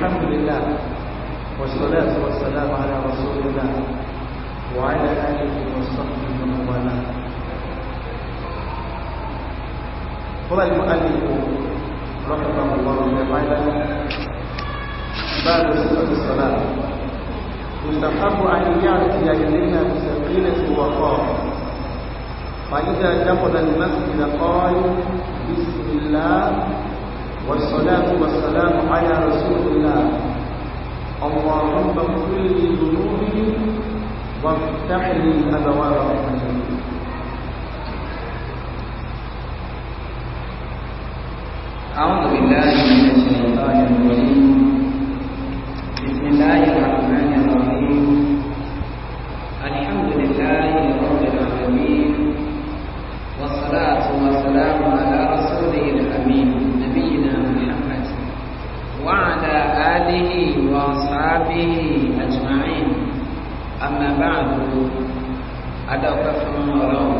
الحمد لله والصلاة والسلام على رسول الله وعلى آله وصحبه ومن والاه قال المؤلف رحمه الله تعالى باب صفة الصلاة يستحب أن يأتي إلينا بسكينة وقار فإذا دخل المسجد قال بسم الله والصلاة والسلام على رسول الله اللهم اغفر لي ذنوبي وافتح لي أبواب رحمتك أعوذ بالله من الشيطان الرجيم بسم الله الرحمن الرحيم الحمد لله رب العالمين والصلاة والسلام وعلى آله وأصحابه أجمعين أما بعد أدعوكم الله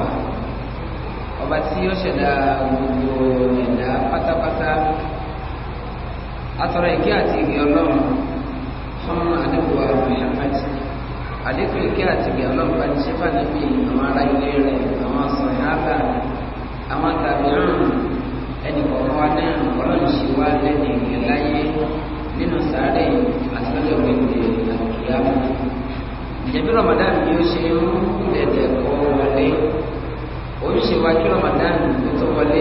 ọba tí ó ṣẹ̀dá gbogbo ẹ̀dá pátápátá atọ́rọ ìkẹ́ àti ìgbẹ́ ọlọ́run fún àdébùwà Muhammad àdékùn ìkẹ́ àti ìgbẹ́ ọlọ́run bá ṣe fàdébì àwọn ará ilé rẹ̀ àwọn sọ̀yìn ábà àwọn tàbí àrùn ẹnì kọ̀ọ̀kan wa náà ọlọ́run ṣe wá lẹ́nu ìrìn láyé nínú sáré àti lọ́jọ́ gbèdé ìjẹ́bí Ramadan ni ó ṣe ń dẹ̀dẹ̀ kọ́ wọlé oríṣi wa kí Ramadan ló tó wọlé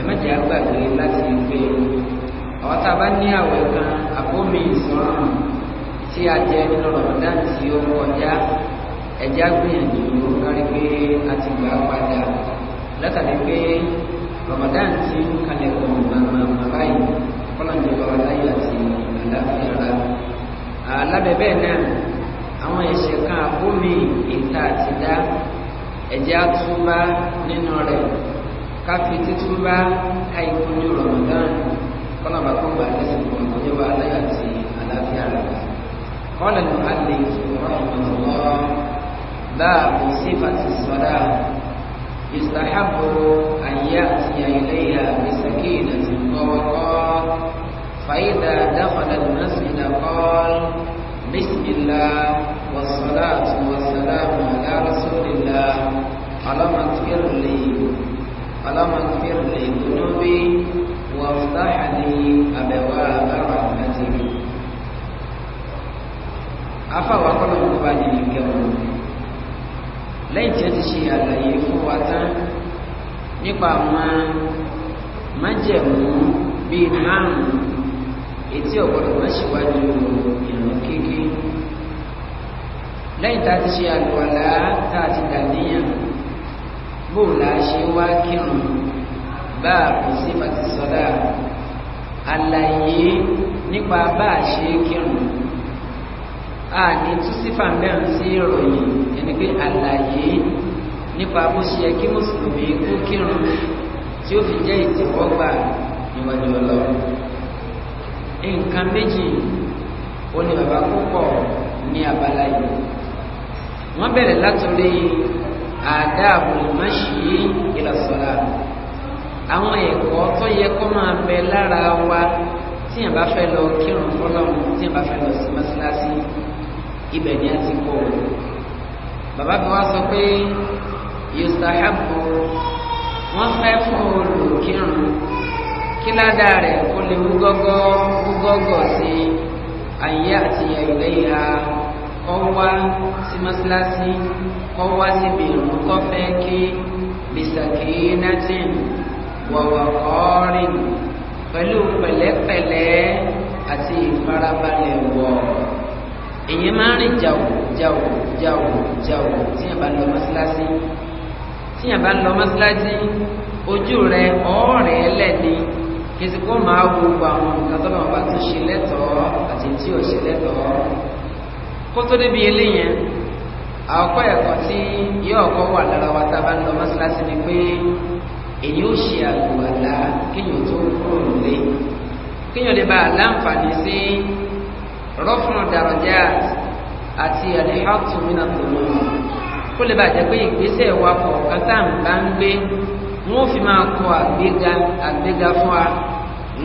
ẹ̀mẹ́jẹ̀ àgbàgbé láti gbé àwọn tá a bá ní àwẹ̀ kan àbómi ìsọ̀rọ̀ tí a jẹ nínú Ramadan tí ó kọjá ẹ̀jẹ̀ àgbìyànjú kárí pé a ti gbà á padà látàrí pé Ramadan. lábẹ́ bẹ́ẹ̀ náà àwọn ẹ̀ṣẹ̀ kan àbómi ìta àtidá ẹ̀jẹ̀ àtúbá nínú rẹ̀ káfí títúbá ká ikú ní Ramadan kọ́nàbà kó gbà lẹ́sìn kò ní yẹ wá láyà àti àlàáfíà rẹ̀. قال المؤلف رحمه الله باب صفة الصلاة يستحب أن يأتي إليها بسكينة ووقار فإذا دخل المسجد قال بسم الله والصلاة والسلام على رسول الله اللهم اغفر لي اللهم اغفر لي ذنوبي وافتح لي أبواب رحمتك afa wa kọlọ kó bá nyẹ nìkẹ wọn lẹ́yìn tí a ti ṣe àlàyé fún wa tán nípa àwọn májẹ̀mú bíi márùn etí ọ̀gbọ̀dọ̀ má ṣe wá ju ìrùn kéèké lẹ́yìn tá a ti ṣe àlùwàlá tá a ti dàníyàn bóò là á ṣe wá kírun bá a kò sí bàtí sọ́dá àlàyé nípa bá a ṣe kírun a ní túsífà mẹ́rin sí ìròyìn ẹni pé àlàyé nípa bó ṣe yẹ kí mùsùlùmí kó kírun tí ó fi jẹ́ ìtẹ̀wọ́gbà níwájú ọlọ́run nǹkan méjì ó ní bàbá púpọ̀ ní abala yìí wọ́n bẹ̀rẹ̀ látòrí àdáàbò ìmáṣí ìlàsọ̀rà àwọn ẹ̀kọ́ tó yẹ kó máa bẹ lára wa tí yẹn bá fẹ́ lọ kírun fọlọ́run tí yẹn bá fẹ́ lọ sí mọ́sálásí ibẹ̀ ni a ti kọ́ ọ. bàbá kan wá sọ pé yustahabu wọ́n fẹ́ fún olùkírun kíládà rẹ̀ kó lè wú gọ́gọ́ wú gọ́gọ́ sí ayé àti ẹ̀yìnlẹ́yìn ha kọ́ wá sí mọ́síláṣí kọ́ wá síbi ìrùn kọ́ fẹ́ kí bìsàkì nàtìn wọ̀wọ̀ kọ́rin pẹ̀lú pẹ̀lẹ́pẹ̀lẹ́ àti ìfarabalẹ̀ wọ̀ èyí máa ń rìn jàwó jàwó jàwó jàwó tí yẹn bá lọ mọ́síláṣí tí yẹn bá lọ mọ́síláṣí ojú rẹ̀ lẹ́ni kìsìkò máa wo gbogbo àwọn nǹkan tó lọ́wọ́ bá ti ṣe lẹ́tọ̀ọ́ àti tí ò ṣe lẹ́tọ̀ọ́ kó tó débi eléyẹn àkọ́kọ́ ẹ̀kọ́ tí yóò kọ́ wà lára wa tá a bá ń lọ mọ́ṣáláṣí ni pé èyí ò ṣe àlùwàlá kéèyàn tó kúrò nílé kéèyàn lè bá a láǹfààní sí rọ́fùnù dàrọ̀jà àti àlehàtúmínà tòun kó lè bàjẹ́ pé ìgbésẹ̀ wa kọ̀ọ̀kan tá à ń bá ń gbé wọn fi máa kọ àgbéga àgbéga fún wa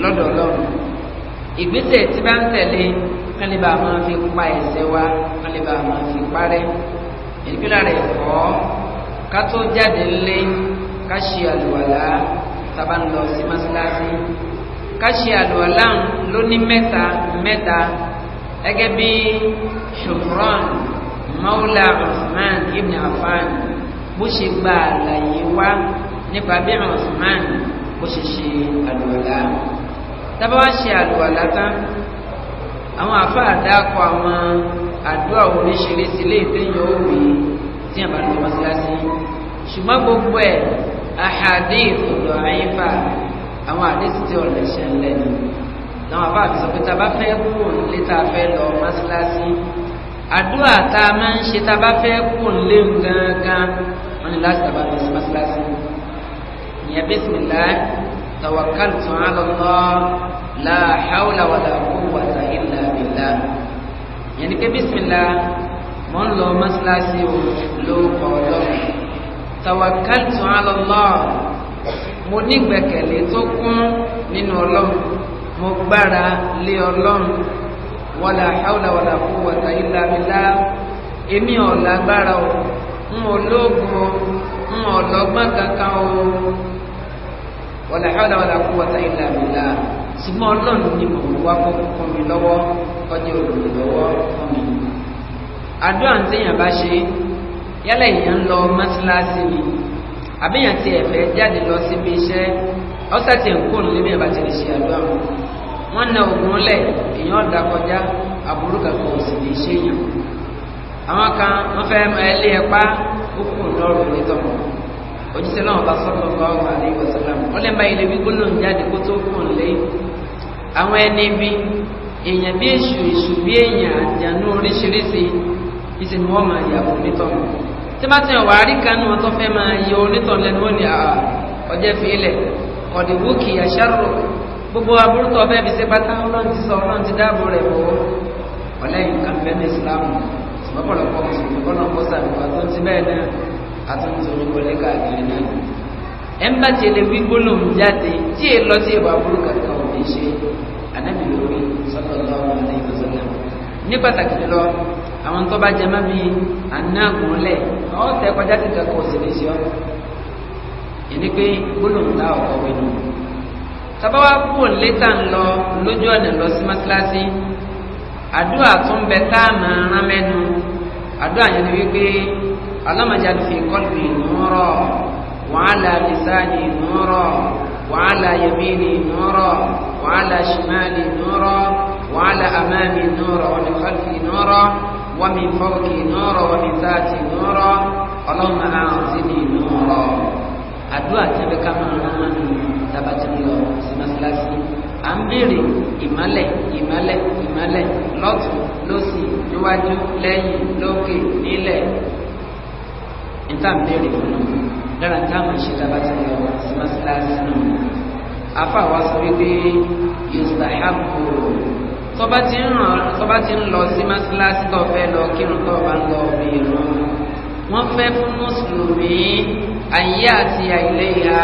lọ́dọ̀ Ọlọ́run ìgbésẹ̀ tí bá ń tẹ̀lé wọn lè bá máa fi pa ẹ̀ṣẹ̀ wa wọn lè bá máa fi parẹ́ ìpínlẹ̀ rẹ̀ kọ́ ká tó jáde lé ká ṣe àlùwàlá tàbá ń lọ sí mọ́sálásí ká ṣe àlùwàlá lóní mẹ́ta mẹ́ta gẹ́gẹ́ bí Shufran Maula Usman ibn Affan bó ṣe gba àlàyé wa nípa bí àwọn Usman kò ṣe ṣe àlùwàlá tábà wá ṣe àlùwàlá tán àwọn àfáà dákọ àwọn àdúrà oríṣiríṣi lè téèyàn ó wí tí àbá lọ mọ́síláṣí ṣùgbọ́n gbogbo ẹ̀ àhàdé ìfòdò àyínfà àwọn àdéṣì tí ọ̀lẹ̀ ṣe ń lẹ́nu làwọn àbá àti sọ̀pẹ́ tá a bá fẹ́ kúrò nílé tá a fẹ́ lọ mọ́síláṣí àdúrà tá a máa ń ṣe tá a bá fẹ́ kúrò nílé gangan wọn ni láti tàbá lọ sí mọ́síláṣí ìyẹn bísímìlá tawakkaltu ala Allah la hawla wala quwwata illa billah ìyẹn ni pé bísímìlá mo ń lọ mọ́sálásí o ló kọ́ ọlọ́run tawakkaltu ala Allah mo ní ìgbẹ́kẹ̀lé tó kún nínú ọlọ́run mo gbára lé ọlọ́run wala hawla wala quwwata illa billah èmi ò lágbára o n ò lóògùn o n ò lọ́gbọ́n kankan o wala hawla wala quwwata illa billah ṣùgbọ́n ọlọ́run ni mò ń wá fún mi lọ́wọ́ ọjọ́ òbí lọ́wọ́ fún mi. àdúrà ń tẹ̀yàn bá ṣe yálà èèyàn ń lọ mọ́síláṣí ni àbíyàn ti ẹ̀fẹ́ jáde lọ síbi iṣẹ́ ọ́sà ti ń kó nílé bí ẹ̀bà ti lè ṣe àdúrà mọ́ wọ́n na ògùn lẹ̀ èèyàn ọ̀dà kọjá àbúrò kankan ò sì lè ṣe èèyàn àwọn kan wọ́n fẹ́ ẹlé ẹ̀pá ó kù lọ́rùn nítorí òjíṣẹ́ náà bá sọ́kọ̀ lọ́wọ́ àlẹ́ ìwọ̀sálàm wọ́n lẹ́nu báyìí lébi gbólóhùn jáde kó tó kùn lé àwọn ẹni bí èèyàn bí èṣù èṣù bí èèyàn àjànú oríṣiríṣi ìsì ni wọ́n máa yàgò onítọ̀ tí bá ti hàn wá rí kanú wọn tó fẹ́ máa yọ onítọ̀ lẹ́nu wọn ni ọjẹ́ fi ilẹ̀ ọ̀dìwúkì àṣàrò gbogbo aburútọ bẹ́ẹ̀ fi ṣe pátá Ọlọ́run ti sọ Ọlọ́run ti àtúntòrúkọ ní káàkiri náà ẹ ń bá ti lè fi gbólóhùn jáde tí èè lọ sí ìwà burúkú kankan ò ní ṣe ànábì lórí sọ́tọ̀ lọ́wọ́ àlẹ́yìn tó sọ́tọ̀ ní pàtàkì lọ àwọn tó bá jẹ mọ́ bí anáàgùn lẹ̀ ọ́ tẹ kọjá sí kankan ò sì lè ṣe ọ́ ẹni pé gbólóhùn tá ọkọ̀ wínú tabawa kúrò létà ń lọ lójú ọ̀nà lọ sí mọ́sálásí àdúrà tó ń bẹ tá a máa rán mẹ́nu àdúrà yẹn ni wípé اللهم اجعل في قلبي نورا وعلى لساني نورا وعلى يميني نورا وعلى شمالي نورا وعلى أمامي نورا ومن خلفي نورا ومن فوقي نورا ومن ذاتي نورا اللهم أعزني نورا àdúrà tí ẹbẹ ká máa rán máa nù tabati lọ sí mọ́sálásí à ń béèrè ìmọ́lẹ̀ ìmọ́lẹ̀ ìmọ́lẹ̀ lọ́tún lọ́sì níwájú lẹ́yìn lókè nílẹ̀ níta ń bèrè ọ̀nà lára táwọn ṣe tá a bá ti lọ sí mọ́sálásí náà afa wa sọ wípé yorùbá àbò tọ́ba ti ń ràn tọ́ba ti ń lọ sí mọ́sálásí tó fẹ́ lọ kírun tó bá ń lọ bí irun wọ́n fẹ́ fún mùsùlùmí ayé àti àìlẹ́yà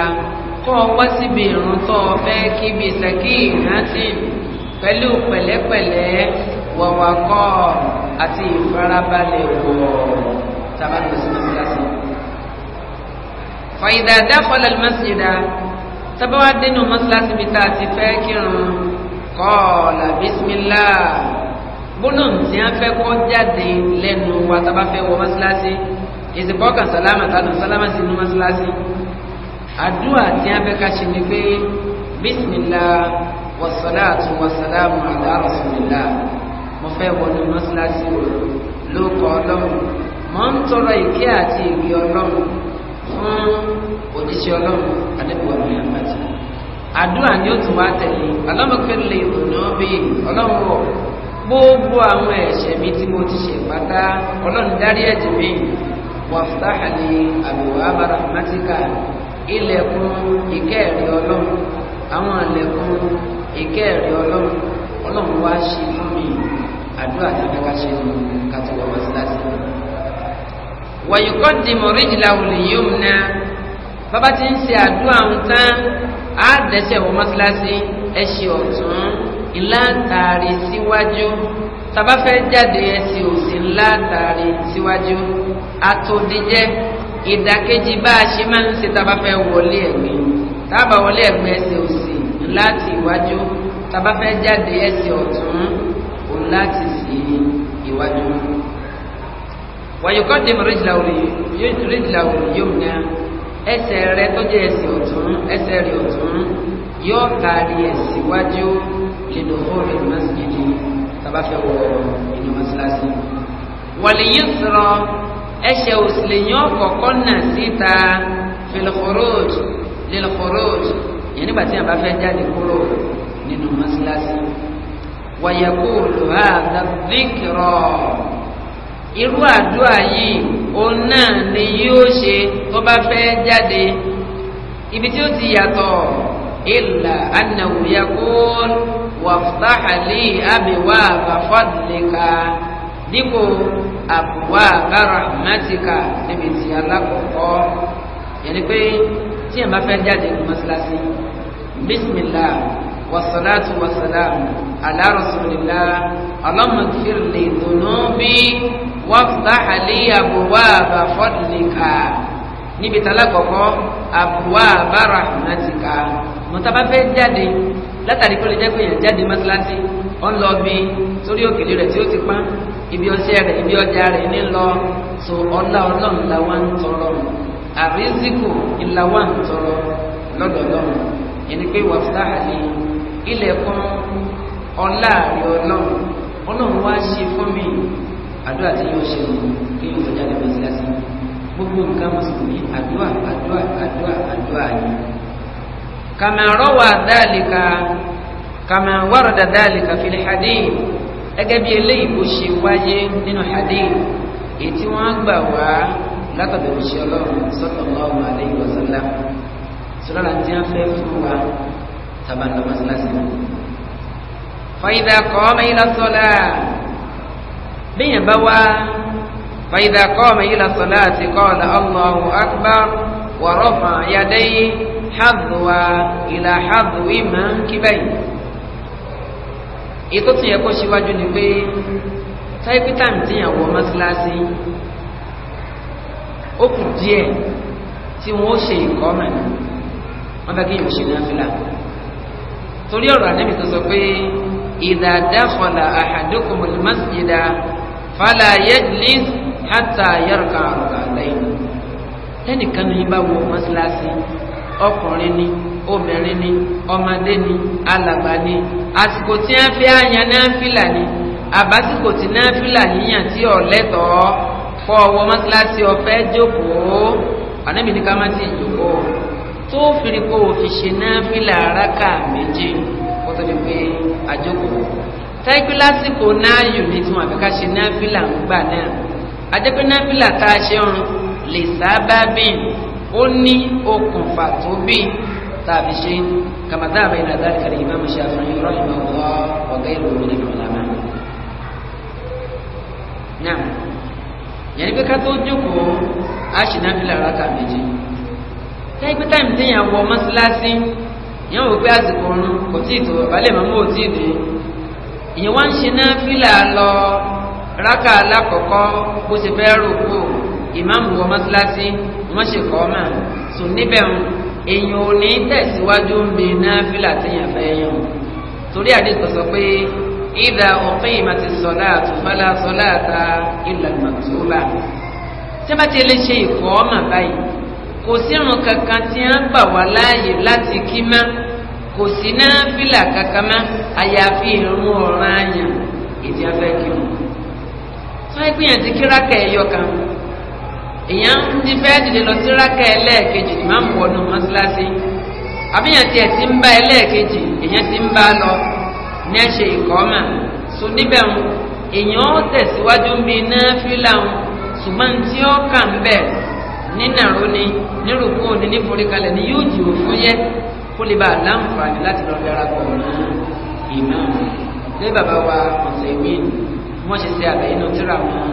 kọ́ ọ wá síbi irun tó fẹ́ kí bíi sẹ́kì ìrántí pẹ̀lú pẹ̀lẹ́pẹ̀lẹ́ wọ̀wàkọ́ àti ìfarabalẹ̀ wọ̀ tábàtò sí fàyídà dákọ̀lẹ̀ mọ́sídà tọ́bọ́wá dénú mọ́síláṣí bíi tá a ti fẹ́ kírun kọ́ọ̀lá bísímílà gbóná tí a fẹ́ kọ́ jáde lẹ́nu wa tá a bá fẹ́ wọ mọ́síláṣí ìsìnkọ́ kan sálámà tánù sálámà sínú mọ́síláṣí àdúrà tí a fẹ́ ká ṣe ni pé bísímílà wasalaatu wasalaamu ala rasulillah mo fẹ́ wọnú mọ́síláṣí wo ló kọ́ ọlọ́run mo ń tọrọ ìkẹ́ àti ìgbé ọlọ́run fún òjíṣẹ́ ọlọ́run adébọ̀wá muhammad àdúrà ni ó tún wá tẹ̀lé ọlọ́mọkẹ́ lè ọ̀nà bíi ọlọ́run wọ̀ gbogbo àwọn ẹ̀ṣẹ̀ mi tí mo ti ṣe pátá ọlọ́run dárí ẹ̀jẹ̀ mi wàfúláhàlì àbúrò abárahàmátìkà ilẹ̀kùn ìkẹ́ẹ̀rí ọlọ́run àwọn ilẹ̀kùn ìkẹ́ẹ̀rí ọlọ́run ọlọ́run wá ṣe fún mi àdúrà tó ní wá ṣe nù kátó wọ́n wá sí láti wọ̀nyíkọ́ di mọ̀ríjìlá wùlì yìí òun náà bàbá ti ń ṣe àdúrà ń tán á dẹ́sẹ̀ wọ mọ́sálásí ẹ̀ṣẹ̀ ọ̀tún ńlá tààrí síwájú tàbá fẹ́ jáde ẹ̀ṣẹ̀ òsì ńlá tààrí síwájú àtòdíjẹ́ ìdàkejì bá a ṣe máa ń ṣe tàbá fẹ́ wọlé ẹ̀gbẹ́ tàbá wọlé ẹ̀gbẹ́ ẹ̀ṣẹ̀ òsì ńlá ti iwájú tàbá jáde ẹ̀ṣẹ̀ ọ̀tún òun láti sí iwájú wàyíkọ́dìm ríjìláwò yóò ná ẹsẹ̀ rẹ tó jẹ́ ẹsẹ̀ ọ̀tún ẹsẹ̀ rẹ ọ̀tún yóò taari ẹsẹ̀ wájú lẹ́nu hóre masjidi tabafẹ́ wọ inú masilasi. wàlíyí sọ̀rọ̀ ẹsẹ̀ òsìlẹ̀ yóò kọ̀kọ́ nà síta fìlìkòròj lẹ́lìkòròj yẹn nígbà tí a fẹ́ jáde kúrò nínú masilasi. wàyẹ̀kú lùhà dàbíkìrọ̀ irú àdúrà yìí òun náà ni yóò ṣe tó bá fẹ́ jáde ibi tí ó ti yàtọ̀ ìlà anáwòyà kún wàfúláhàlì àbíwá àbáfọ́dìlẹ́ka dípò àbúwá àbáràmátìkà níbi tí alákọ̀ọ́kọ́ yẹn ni pé tí ẹ̀ bá fẹ́ jáde ní mọ́sálásí bísímìlá. والصلاة والسلام على رسول الله اللهم اغفر لي ذنوبي وافتح لي أبواب فضلك níbi talakọ̀kọ́ àbúwá bára nàtìkà mọ̀tàbá fẹ́ jáde látàrí kó lè jẹ́ pé èèyàn jáde mọ́sálásí ọ̀n lọ bí sórí òkèlè rẹ̀ tí ó ti pán ibi ọṣẹ rẹ̀ ibi ọjà rẹ̀ ní lọ so ọlá ọlọ́run làwọn ń tọrọ àrísìkò ìlàwọ̀ ń tọrọ lọ́dọọlọ́run yẹn ni pé wàá fúláhà ilẹ̀kùn ọlá rẹ̀ ọlọ́run ọlọ́run wá ṣe fún mi àdúrà tí yóò ṣe mú kí yóò jáde bọ́ sí lásán gbogbo nǹkan mùsùlùmí àdúrà àdúrà àdúrà àdúrà ni. kàmà rọwà dhalika kàmà warada dhalika fil hadith gẹ́gẹ́ bí eléyìí bó ṣe wáyé nínú hadith èyí wọ́n gbà wá látọ̀dọ̀ òṣìṣẹ́ ọlọ́run sallallahu alaihi wasallam sọlá tí wọ́n fẹ́ fún wa tàbá lọ mọ́sálásí fàyídà kọ́ọ̀mù ilà sọ́lá bíyàn bá wá fàyídà kọ́ọ̀mù ilà sọ́lá ti kọ́ọ̀lá Allahu akbar wa rafa yadayhi hadwa ilà hadwi máa ń kí báyìí ètò tí yẹ kó síwájú ni pé táìpì táìmù tíyàn wọ mọ́sálásí ó kù díẹ̀ tí wọ́n ó ṣe ìkọ́ wọ́n bá kí yóò ṣe náà fìlà torí ọ̀rọ̀ ànábì tó sọ pé idha dakhala ahadukumul masjida fala yajlis hatta yarka àrùkàlẹ́yìn ẹnìkan ní bá wọ mọ́sálásí ọkùnrin ni obìnrin ni ọmọdé ni alàgbà ni àsìkò tí wọ́n fi àyàn náà fìlà ni àbásìkò tí náà fìlà yíyàn tí ò lẹ́tọ̀ọ́ fọ́ ọwọ́ mọ́sálásí ọ̀fẹ́ jókòó ànábì ní ká má ti jókòó tó fìrí pé òfin ṣe náà fìlà rákà méjì kó tó di pé àjókòó tẹ́gbẹ́ lásìkò náà yù ní tí wọn àfi ká ṣe náà fìlà ń gbà náà àjẹpẹ́ náà fìlà tá a ṣe ń lè sábà bíi ó ní okùnfà tó bíi tàbí ṣe kàmàtà àbẹ̀ ìlàdá kàrí ìmọ̀ ṣe àfihàn ọ̀rọ̀ ìmọ̀ ọ̀gá ọ̀gá ìlú nínú ọ̀làmà. náà yẹn ní pé ká tó jókòó a ṣe náà fìlà rákà méjì jẹ́ pé táìmù téèyàn wọ mọ́ṣáláṣí ìyẹn wò pé àsìkò ọ̀run kò tí ì tó ìbálẹ̀ mọ́ mọ́ ò tí ì dé ìyẹn wá ń ṣe náà fílà lọ rákà alákọ̀ọ́kọ́ bó ṣe fẹ́ rò kú ìmáàmù wọ mọ́ṣáláṣí wọ́n ṣe kọ́ mà sò níbẹ̀ ń èèyàn ò ní tẹ̀síwájú ń bi náà fílà téèyàn fẹ́ yàn torí àdìsọ sọ pé ìdá òfin ìmàtí sọlá àtúfálà sọlá àta ìlànà tó kò sírun kankan tí wọ́n gbà wá láàyè láti kí mọ́ kò sí náfìlà kankan mọ́ àyàfi ìrun ọ̀ràn àyàn ìdí afẹ́ kí wọn. tó ń gbìyànjú kí rákà ẹ̀yọ kan èèyàn ń ti fẹ́ dìde lọ sí rákà ẹlẹ́ẹ̀kejì ní máa ń wọnú mọ́ṣáláṣí àbíyàn tiẹ̀ ti ń bá ẹlẹ́ẹ̀kejì èèyàn ti ń bá lọ ní ẹ̀ṣẹ̀ ìkọ́mà so níbẹ̀ ń èèyàn ó tẹ̀síwájú mi náfìlà ń ṣùgbọ́n tí ó kà ń bẹ̀rẹ̀ nínàró ni nírùkú ni níforíkalẹ̀ ni yóò jìwò fún yẹ kó lè bá láǹfààní láti lọ darapọ̀ mọ́ ìmáàmù lé bàbá wa ọ̀sẹ̀ wíìn wọ́n ṣe ṣe àbẹ̀ inú tíra wọn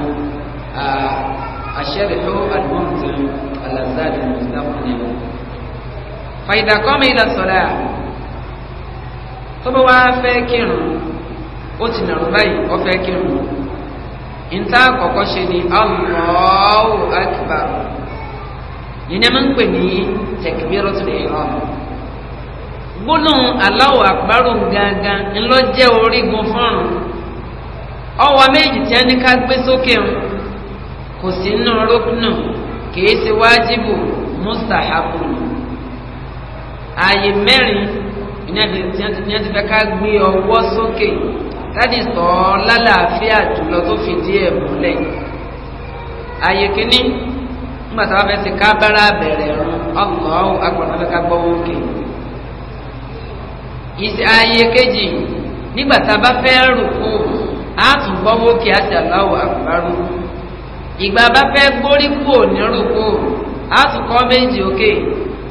àṣẹ́rìfó àdúgbòǹtì alazadi mustapha ni wọn. fàyídà kọ́mi ilẹ̀ sọ̀rọ̀ à tó bá wá fẹ́ kírun ó ti nàró báyìí ó fẹ́ kírun ìta àkọ́kọ́ ṣe ni Allahu akbar yẹn ni a máa ń pè ní gbólóhùn Allahu akbar gángan ńlọ jẹ́ orígun fọ́run ọwọ́ méjì tí a ní ká gbé sókè ń kò sí nínú rúkúnù kìí ṣe wájibù mustahabu ààyè mẹ́rin ìyẹn ti fẹ́ ká gbé ọwọ́ sókè láti sọ ọ́ lálàáfíà jùlọ tó fìdí ẹ̀ múlẹ̀ ààyè kìíní nígbà táwọn fẹ́ ti ká bára bẹ̀rẹ̀ rún Allahu akbar ká gbọ́ òkè ààyè kejì nígbà tá a bá fẹ́ rùkú á tún gbọ́ òkè á ti Allahu akbar ìgbà bá fẹ́ gbórí kúò ní rùkú á tún kọ́ méjì òkè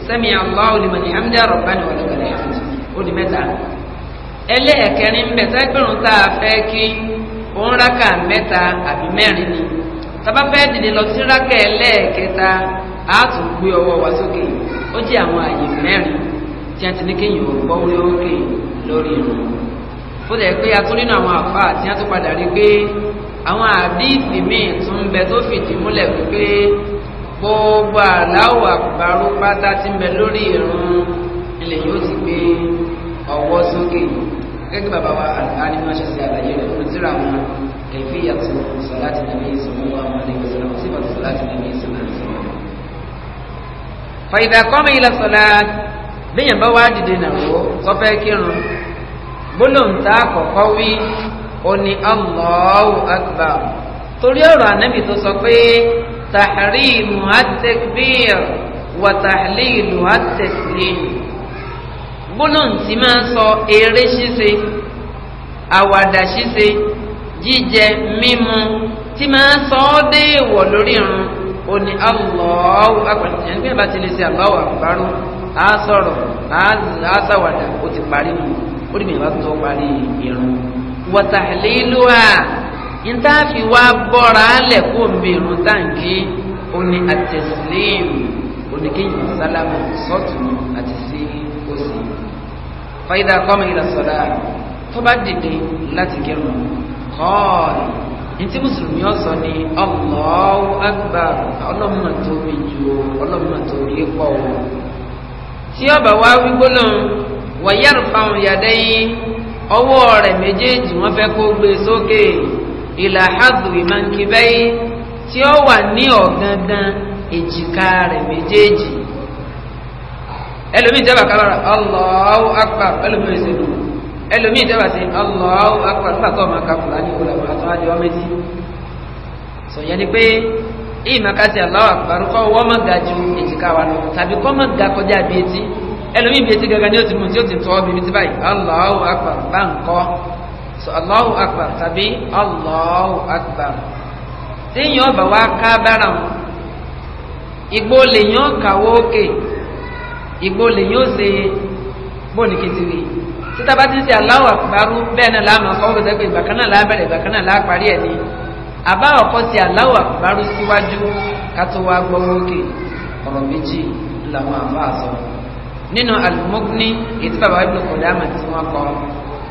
sami Allahu liman hamdahu rabbana wa lakal hamd mẹ́ta ẹlẹ́ẹ̀kẹrin bẹ̀ tá a fẹ́ kí òun rákà mẹ́ta àbí mẹ́rin ni. tàbá fẹ́ dìde lọ sí rákẹ́ lẹ́ẹ̀kẹta a tún gbé ọwọ́ wa sókè ó jẹ́ àwọn àyè mẹ́rin tí a ti ní kéèyàn gbọ́ orí òkè lórí irun ó dẹ̀ pé atúrínú àwọn àfáà a tún padà rí pé àwọn àdíìsì míì tún ti ń bẹ lórí ilẹ̀ yóò ti gbé ọwọ́ sókè gẹ́gẹ́ bàbá wa ṣe àlàyé rẹ̀ fún كيفية صلاة النبي صلى الله عليه وسلم وصفة صلاة النبي صلى الله عليه وسلم فإذا قام إلى الصلاة bíyàn bá wá dìde nàró sọfẹ́ kírun gbólóǹta kọ̀kọ́ wí oní Allahu akbar torí ọ̀rọ̀ ànábì tó sọ pé tahrimu at-takbir wa tahlilu at-taslim gbólóǹtì máa ń sọ eré ṣíṣe àwàdà ṣíṣe jíjẹ mímu tí máa sọ ọ́ dé ìwọ̀ lórí irun ó ní Allahu akbar ẹni bí ẹ̀bá ti lè ṣe Allahu akbar á sọ̀rọ̀ á sàwàdà ó ti parí mu ó dì mí ìbá tó parí irun wa tahliluha níta fi wá bọ́ra lẹ̀ kó mi irun táǹkì ó ní at-taslim ó ní kéyìn sálámù sọ́tún àti sí òsì fàyídà kọ́mi ìlà tó bá dìde láti kírun. kọ́ọ̀lù ní tí mùsùlùmí ọ̀sọ̀ ni Allahu Akbar ọlọ́mọ tóbi ju ọlọ́mọ tóbi pọ̀ o tí ọba wa wí gbólóhùn wọ̀yẹ́rù fáwọn yàdẹ́yìn ọwọ́ rẹ̀ méjèèjì wọ́n fẹ́ kó gbé sókè ìlà hàdù ìmọ̀nkìbẹ́yì tí ó wà ọ ọ̀gangan èjìká rẹ̀ méjèèjì ẹlòmíì jẹ́ ẹlòmíì dábàá sí Allahu akbar nígbà tó ọmọ aka fúlàní olùkọ́ àti wájú ọmọ etí sọ̀yẹ́ ni pé ìyí máa ká sí Allahu akbar kọ́ wọ́n máa ga ju èjìká wa lọ tàbí kọ́ máa ga kọjá bí etí ẹlòmíì bí etí gangan ni ó ti mú tí ó ti tọ́ bíbi tí báyìí Allahu akbar bá ń kọ́ sọ Allahu akbar tàbí Allahu akbar téèyàn ọba wa ká bára wọn igbó lèyàn kàwó òkè igbó lèyàn ó ṣe bóòlù kìtìrì títa bá ti ń ṣe Allahu Akbar bẹ́ẹ̀ náà láàmú akọ́wọ́ gbèsè pé ìgbà kan náà lábẹ́rẹ̀ ìgbà kan náà láparí ẹ̀ ni àbá ọ̀kọ́ ṣe Allahu Akbar síwájú ká tó wá gbọ́ wókè ọ̀rọ̀ méjì làwọn àbá àsọ nínú al-Mughni ètí bàbá Ibn Qudamah tí wọ́n kọ́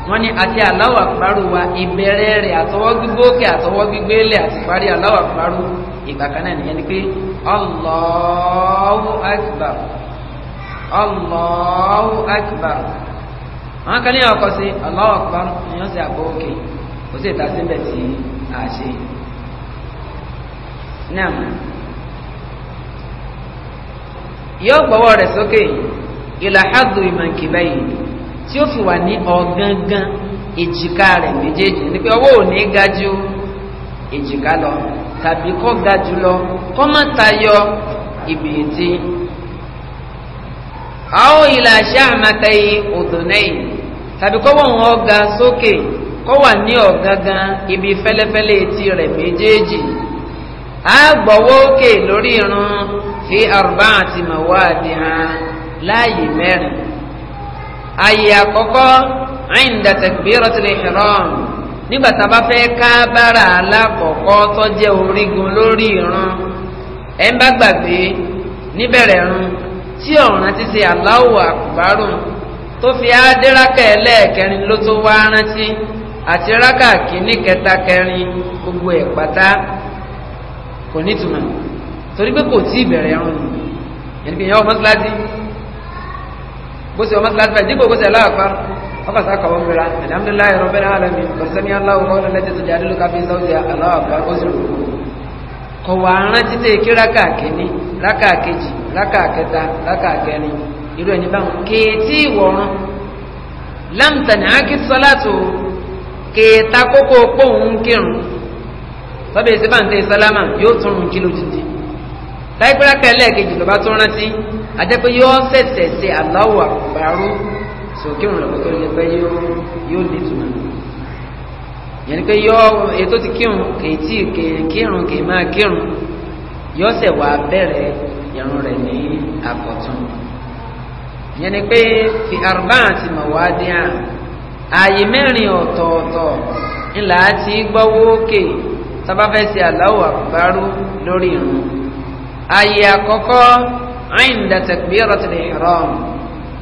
wọ́n ní àti Allahu Akbar wa ìbẹ̀rẹ̀ rẹ̀ àtọwọ́ gbígbókè àtọwọ́ gbígbélé àti parí Allahu Akbar ìgbà kan náà ni pé Allahu Akbar Allahu Akbar àwọn kan ní ọkọ̀ sí Allahu Akbar èèyàn sì àgbọ̀ òkè kò sí ìta síbẹ̀ tí a ṣe náà yóò gbọ́wọ́ rẹ̀ sókè ìlà hàdù ìmọ̀nkìbá yìí tí ó fi wà ní ọ̀gángán èjìká rẹ̀ méjèèjì ní pé ọwọ́ ò ní ga ju èjìká lọ tàbí kó ga jù lọ kó má tayọ ìbìyìntì. àwọn ìlà àṣà àmàtà yìí òdòdó náà yìí. tàbí kọ́wọ́ wọn ọ̀gá sókè kọ́wà ní ọ̀gángan ibi fẹ́lẹ́fẹ́lẹ́ etí rẹ̀ méjèèjì á gbọ́wọ́ òkè lórí irun fi àrùbá àti màwá àdìhà láàyè mẹ́rin àyè àkọ́kọ́ inda takbiratul ihram nígbà tá a bá fẹ́ ká bára alákọ̀ọ́kọ́ tó jẹ́ orígun lórí irun ẹ̀ ń bá gbàgbé níbẹ̀rẹ̀ tí ọ̀ràn tó fi adé rákà ẹlẹ́ẹ̀kẹrin ló tó wá rántí àti rákà kìíní kẹta kẹrin gbogbo ẹ̀ pátá kò nítumọ̀ torí pé kò tí ì bẹ̀rẹ̀ ẹ̀rùn nù yẹn bí ìyẹn ọmọ síláàtì bó ṣe ọmọ síláàtì báyìí dípò bó ṣe aláàpá ọkọ̀ sá kàwọ́ mìíràn alhamdulilayi rabbil kọ̀sẹ́mi aláwọ̀ kọ́ lẹ́tẹ̀ tó fi sọ́ọ̀tì aláàpá ó rántí tẹ̀ kí raka kìíní raka kejì irú ẹni báwọn kéétí ìwọ̀run láǹtàní akíṣọ́látò kéèta kókó pòun kírun tọ́bẹ̀ sí bàǹtẹ̀ sálámà yóò tún rùn kí lójijì táìpẹ́rẹ́ kẹlẹ́ kejì lọ́ba tó rántí adẹ́pẹ́ yóò ṣẹ̀ṣẹ̀ ṣe Allahu àbárú sòkírun lọ́ba tó lè pẹ́ yóò lè túmọ̀ yẹn ni pé yọ ètò ti kírun kéétí kírun kéé máa kírun yọ ṣẹ̀ wá bẹ̀rẹ̀ ìrun rẹ̀ ní àkọ́tún yẹn ni pé fi arba'ati àti mawadi'a ààyè mẹ́rin ọ̀tọ̀ọ̀tọ̀ ńlá ti gbọ́wọ́ òkè sábàfẹ́sì Allahu akbaru lórí irun ààyè àkọ́kọ́ inda takbiratul ihram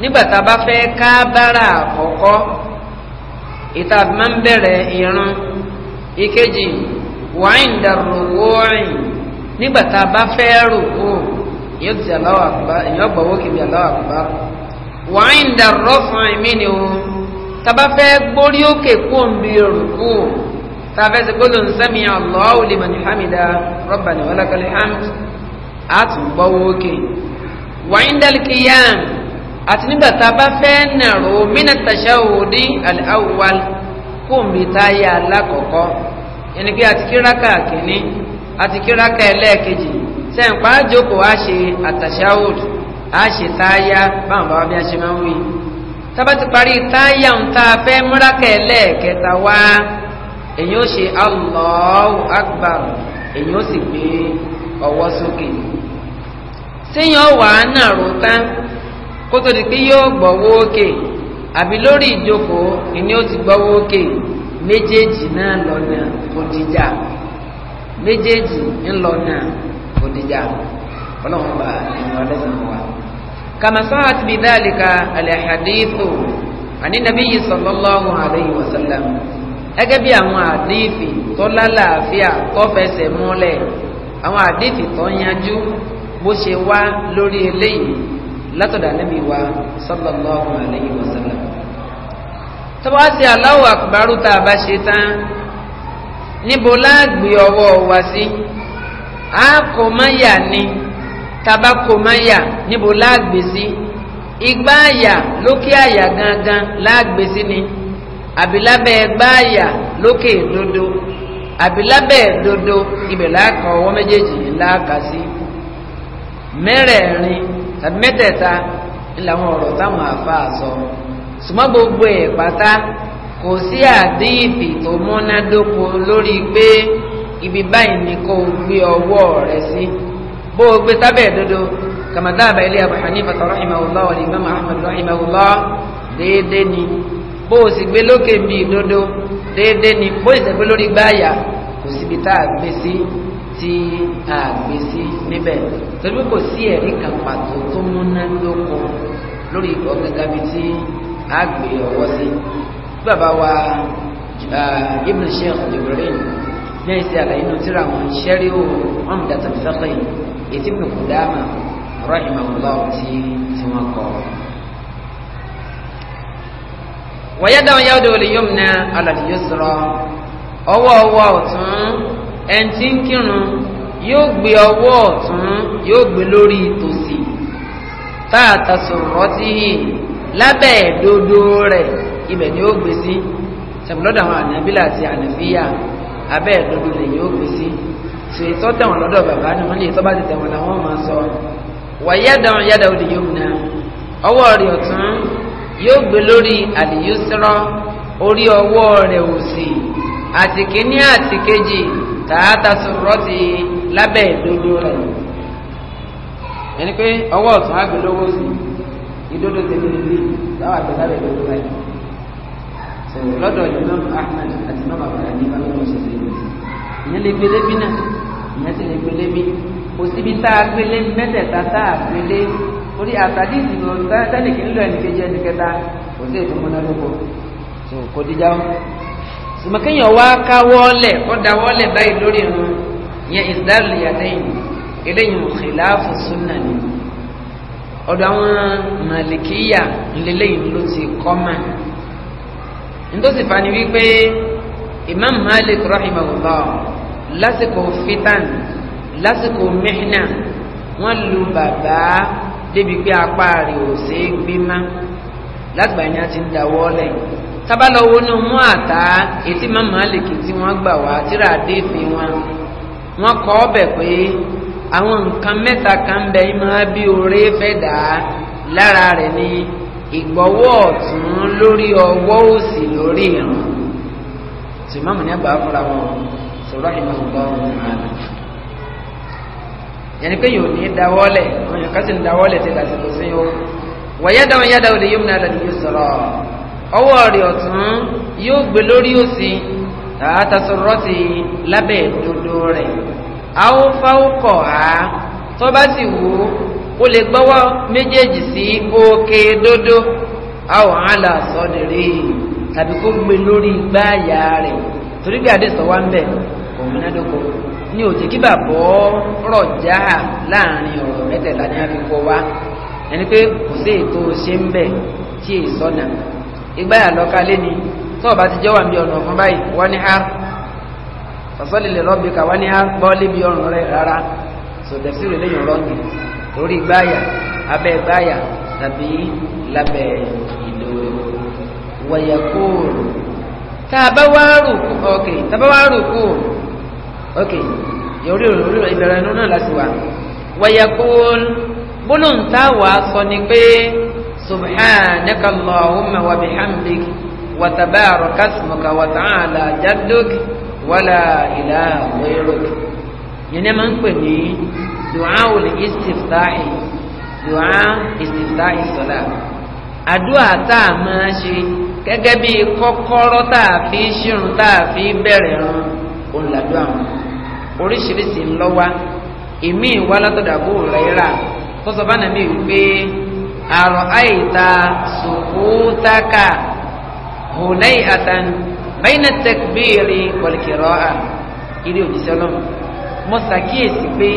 nígbà tá bá fẹ́ kábàárà àkọ́kọ́ ìta máa ń bẹ̀rẹ̀ irun ìkejì wa inda ruku'i nígbà bá fẹ́ rúkú yóò gbọ́wọ́ kìbi Allahu akbar wàhíńdà rọ́fún ẹ̀mí ni o tàbá fẹ́ gbórí òkè kú òǹbí rùkú tàbá fẹ́ gbọ́dọ̀ ń sẹ́mi Allahu liman hamida rabbana walakal hamd àtúgbọ́ òkè wàhíńdà kìyàm àti nígbà tàbá fẹ́ nàró mínà tashahudi al-awwal kú òǹbí táyà alákọ̀ọ́kọ́ ẹni àti kíráka kìíní àti kíráka ẹlẹ́ẹ̀kejì sẹ́ǹpá jókòó á ṣe àtàṣáwòdì a ṣe báwọn bàbá bí a ṣe máa ń wí tábà ti parí táyà ń ta fẹ́ múrákẹ̀ lẹ́ẹ̀kẹta wá èyí ó ṣe Allahu Akbar èyí ó sì gbé ọwọ́ sókè séèyàn wà á náà rò tán kó tó di pé yóò gbọ́wọ́ òkè àbí lórí ìjókòó ìní ó ti gbọ́wọ́ òkè méjèèjì náà lọ́nà òdìjà méjèèjì ọlọ́run bá ẹ̀yìn ọlẹ́sìn wa. kàmásáàt bíi dáàlìkà alẹ́hàdíìtò àní nàbí yìí sallallahu alayhi wa sallam ẹgẹ́ bí àwọn àdíìfì tó lálàáfíà tó fẹsẹ̀ múlẹ̀ àwọn àdíìfì tó yanjú bó ṣe wá lórí eléyìí látọ̀dọ̀ ànábì wa sallallahu alayhi wa sallam. tọ́wọ́ sí tá a bá ṣe tán níbo láàgbé ọwọ́ wa sí a kò má yà ni tabako maya níbo láàgbèsí igbá àyà lókè àyà gangan láàgbèsí ni àbí lábẹ́ àyà lókè dodo àbí dodo ibẹ̀ láàkà ọwọ́ méjèèjì láàkà sí mẹ́rẹ̀ẹ̀rin tàbí mẹ́tẹ̀ẹ̀ta làwọn ọ̀rọ̀ táwọn àfáà sọ ṣùgbọ́n gbogbo ẹ̀ pátá kò sí àdíìtì tó múnádóko lórí pé ibi báyìí ni kò gbé ọwọ́ rẹ sí. Si bó o gbé sábẹ́ dodo kàmádáàbà ilé Abu Hanifa rahimahullah wal Imam Ahmad rahimahullah déédéé ni bó o sì gbé lókè bí dodo déédéé ni bó ìṣẹ́gbé lórí gbáàyà kò síbi tá a gbé sí tí a gbé sí níbẹ̀ torí kò sí ẹ̀rí kan pàtó tó múná lóko lórí ìgbọ́ gẹ́gẹ́ bí tí a gbé ọwọ́ sí bàbá wa ah, Ibn Sheikh Jibril ní ẹ̀sẹ̀ àlàyé inú tíra wọn ṣẹ́rí o wọn mú dàtọ̀ fẹ́kọ̀ yìí ètí mi kò dáàmà rahimahullah tí tí wọn kọ. wọ́n yá dáhùn yáwó dòwòlè yóò mìíràn alàdì yóò sọ̀rọ̀ ọwọ́ ọwọ́ ọ̀tún ẹ̀ǹtí ń kírun yóò gbé ọwọ́ ọ̀tún yóò gbé lórí tòsì táàtà sọ̀rọ̀ tí yìí lábẹ́ ẹ̀dódó rẹ̀ ibẹ̀ ni ó gbé sí sàbùlọ́dà àwọn ànábìlà àti ànáfíyà abẹ́ ìdodo lèyìn ó fi sí so ètò tẹ̀wọ̀n lọ́dọ̀ bàbá ni wọ́n lè tọ́ bá ti tẹ̀wọ̀n làwọn máa sọ wàyà dáhùn yàdá òde yóò na ọwọ́ rẹ̀ ọ̀tún yóò gbé lórí àdìyúsọ́rọ́ orí ọwọ́ rẹ̀ òsì àti kìíní àti kejì tààtà sọ̀rọ̀ ti lábẹ́ ìdodo rẹ̀ ẹni pé ọwọ́ ọ̀tún á gbé lọ́wọ́ sí ìdodo tẹ̀lé lé táwọn àgbẹ̀ lábẹ́ ìdodo rẹ̀ lọ́dọ̀ ìlú náà Ahmed àti náà bàbá rẹ̀ nípa lọ́wọ́ ìyẹn lè gbélé bí náà ìyẹn sì lè gbélé bí kò síbi tá a gbélé mẹ́tẹ̀ẹ̀ta tá a gbélé torí àtàdé ìdìbò tẹ́nìkì ńlọ ẹnìkejì ẹnìkẹta kò sí ètò múnádókò tó kò díjà ó sùmọ́kéèyàn wá ká wọ́ọ́lẹ̀ kó da wọ́ọ́lẹ̀ báyìí lórí irun ìyẹn ìsìláàlù yàtẹ̀yìn eléyìí khilafu súnà ni ọ̀dọ̀ àwọn màlìkíyà ńlẹ́lẹ́yìn ló ti kọ́ mà nítòsí fani wípé Imam Malik rahimahullah lásìkò fitan lásìkò mihna wọ́n lu bàbá débi pé apá rẹ̀ ò sí gbé má látìgbà yẹn ti ń dáwọ́ lẹ́yìn tábàlọ́wọ́ ní mú àtá etí màmá lèkì tí wọ́n gbà wá tíra défin wọn wọ́n kọ́ ọbẹ̀ pé àwọn nǹkan mẹ́ta kan bẹ máa bí oore fẹ́ dà á lára rẹ̀ ni ìgbọ́wọ́ ọ̀tún lórí ọwọ́ òsì lórí ìrùn tìmọ́mù ní àgbà fúnra wọn sọ̀rọ̀ ìmọ̀lọ́ ọ̀hún yẹni pé yóò ní dáwọ́lẹ̀ àwọn èèyàn kan sì ń dáwọ́lẹ̀ tí lásìkò sí o wọ̀yẹ́dáwọn yẹ́dáwọn lè yóò múnadà lórí sọ̀rọ̀ ọwọ́ rẹ̀ ọ̀tún yóò gbé lórí òsì tààtà sọ̀rọ̀ ti lábẹ́ dodo rẹ̀ awúfáwúkọ̀ á tó bá sì wù ú lè gbọ́wọ́ méjèèjì sí òkè dodo àwọn àlà sọ̀dẹ̀rẹ̀ tàbí kó gbé lórí gbáàyà rẹ̀ torí bí adé sọ wá ń bẹ̀ òmìnádókò ní òjì kí bàbá rọ̀ já láàrin ọ̀rọ̀ mẹ́tẹ̀ẹ̀lá ní àfikọ́ wa ẹni pé kò sí ètò ṣe ń bẹ̀ tí è sọ́nà ìgbáyà lọ́kálé ni tọ́ọ̀bá ti jẹ́wà bí ọ̀nà ọ̀fún báyìí wọ́n ní á sọ́sọ́lélẹ̀ rọ́bì kà wọ́n ní á gbọ́ lébi ọ̀rùn rẹ̀ rárá sọ̀dẹ̀sí rẹ̀ lẹ́yìn rọ́ǹgì lórí gbáyà abẹ́ gbáyà tàbí lábẹ́ ìlò wọ̀yẹ̀kóòrò tá a bá wá rùkú ọ̀kẹ́ tá a bá wá rùkú ọ̀rùn ok yorí òrùn ìbẹ̀rẹ̀ inú náà láti wà wayakun gbólóhùn tá a wà sọ ni pé subhanaka allahumma wa bihamdik wa tabaraka ismuka wa ta'ala jadduk wala ilaha ghayruk yẹn ní máa ń pè ní du'a ul istiftahi du'a istiftahi salat àdúrà tá a máa ṣe gẹ́gẹ́ bí kọ́kọ́rọ́ tá a fi ṣírun tá a fi bẹ̀rẹ̀ run òun wọn oríṣiríṣi ńlọ́wá èmi ìwá látọ̀dà bò rẹ́rà tọ́sọ̀ bá nàbí wípé àrò àìta sòkútàkà hùnẹ́ì àtàn bẹ́ẹ̀nà tẹ́kbìrì pọ̀lìkìrọ́ à ilé òjíṣẹ́ lọ́mù mo ṣàkíyèsí pé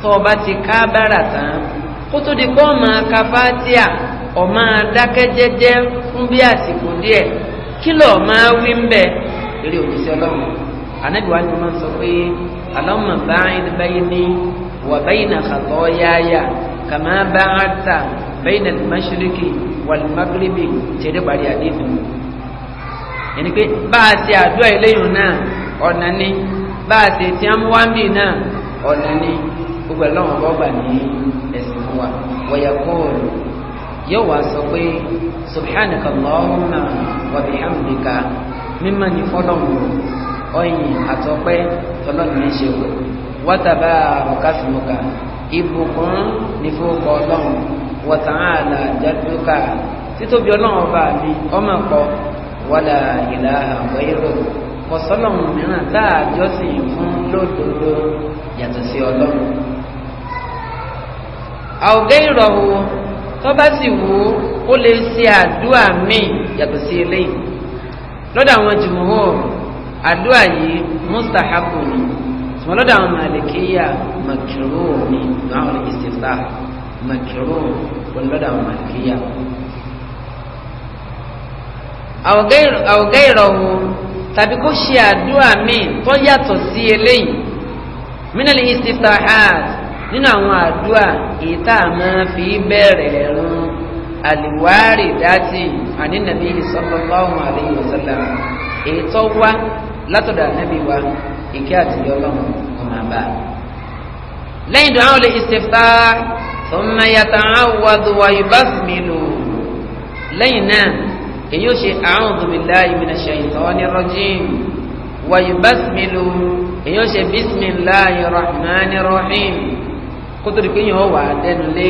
tọ́ ọba ti ká bára tán kó tó di pọ́ ọmọ kafátíà ọmọ adákẹ́jẹ́jẹ́ fún bí àsìkò díẹ̀ kí lọ́ọ́ máa wí ń bẹ̀ ilé òjíṣẹ́ lọ́mù ànábìwájú máa ń sọ pé. اللهم باعد بيني وبين خطاياي كما باعدت بين المشرق والمغرب tẹ̀lé parí àdéhùn mi. ẹni pé bá a ṣe àdúrà eléyìí náà ọ̀nà ni bá a ṣe tí a ń wá mí náà ọ̀nà ni gbogbo ẹ̀ bọ́ gbà ní ẹ̀sìn wa wọ̀yà kóòlù yóò wá sọ pé subhanaka Allahumma wa bihamdika mímọ́ ni fọ́lọ́mù ọyìn àtọpẹ́ tọlọ́run ní ṣe o wátàbá àrùkásímọ́ka ìbùkún ní fowópọ̀ ọlọ́run wọ̀tàn àlà jádúkà títóbi ọlọ́run ọba mi ọmọ kọ wàlà ìlà àwọn èrò kọsọ́lọ́run mìíràn tá a jọ́sìn fún lódodo yàtọ̀ sí ọlọ́run. àwògẹ́ ìrọ̀wò tó bá sì wù ú ó lè ṣe àdúrà míì yàtọ̀ sí eléyìí lọ́dọ̀ àwọn jùmọ̀ hàn àdúrà yìí mustahabu ni sọlọ́dọ̀ àwọn màlìkíyà màkìrò ni àwọn ìsìfà màkìrò lọ́dọ̀ àwọn màlìkíyà. àwògá ìrọ̀wò tàbí kó ṣe àdúrà míì tó yàtọ̀ sí eléyìí mínàlì ìsìfà hàt nínú àwọn àdúrà ìta máa fi bẹ̀rẹ̀ ẹ̀rùn àlìwárì dátì àní nàbí èyí tó wá látọ̀dọ̀ ànábì wa ìkẹ́ àtìyọ́ ọlọ́run ọmọ àbá. lẹ́yìn dùn àwọn lè ìṣèfà thumma yata'awwadu wa yubasmilu lẹ́yìn náà èyí ó ṣe a'udhu billahi minash shaytanir rajim wa yubasmilu èyí ó ṣe bismillahir rahmanir rahim kótó di yìí ó wà dẹnu lé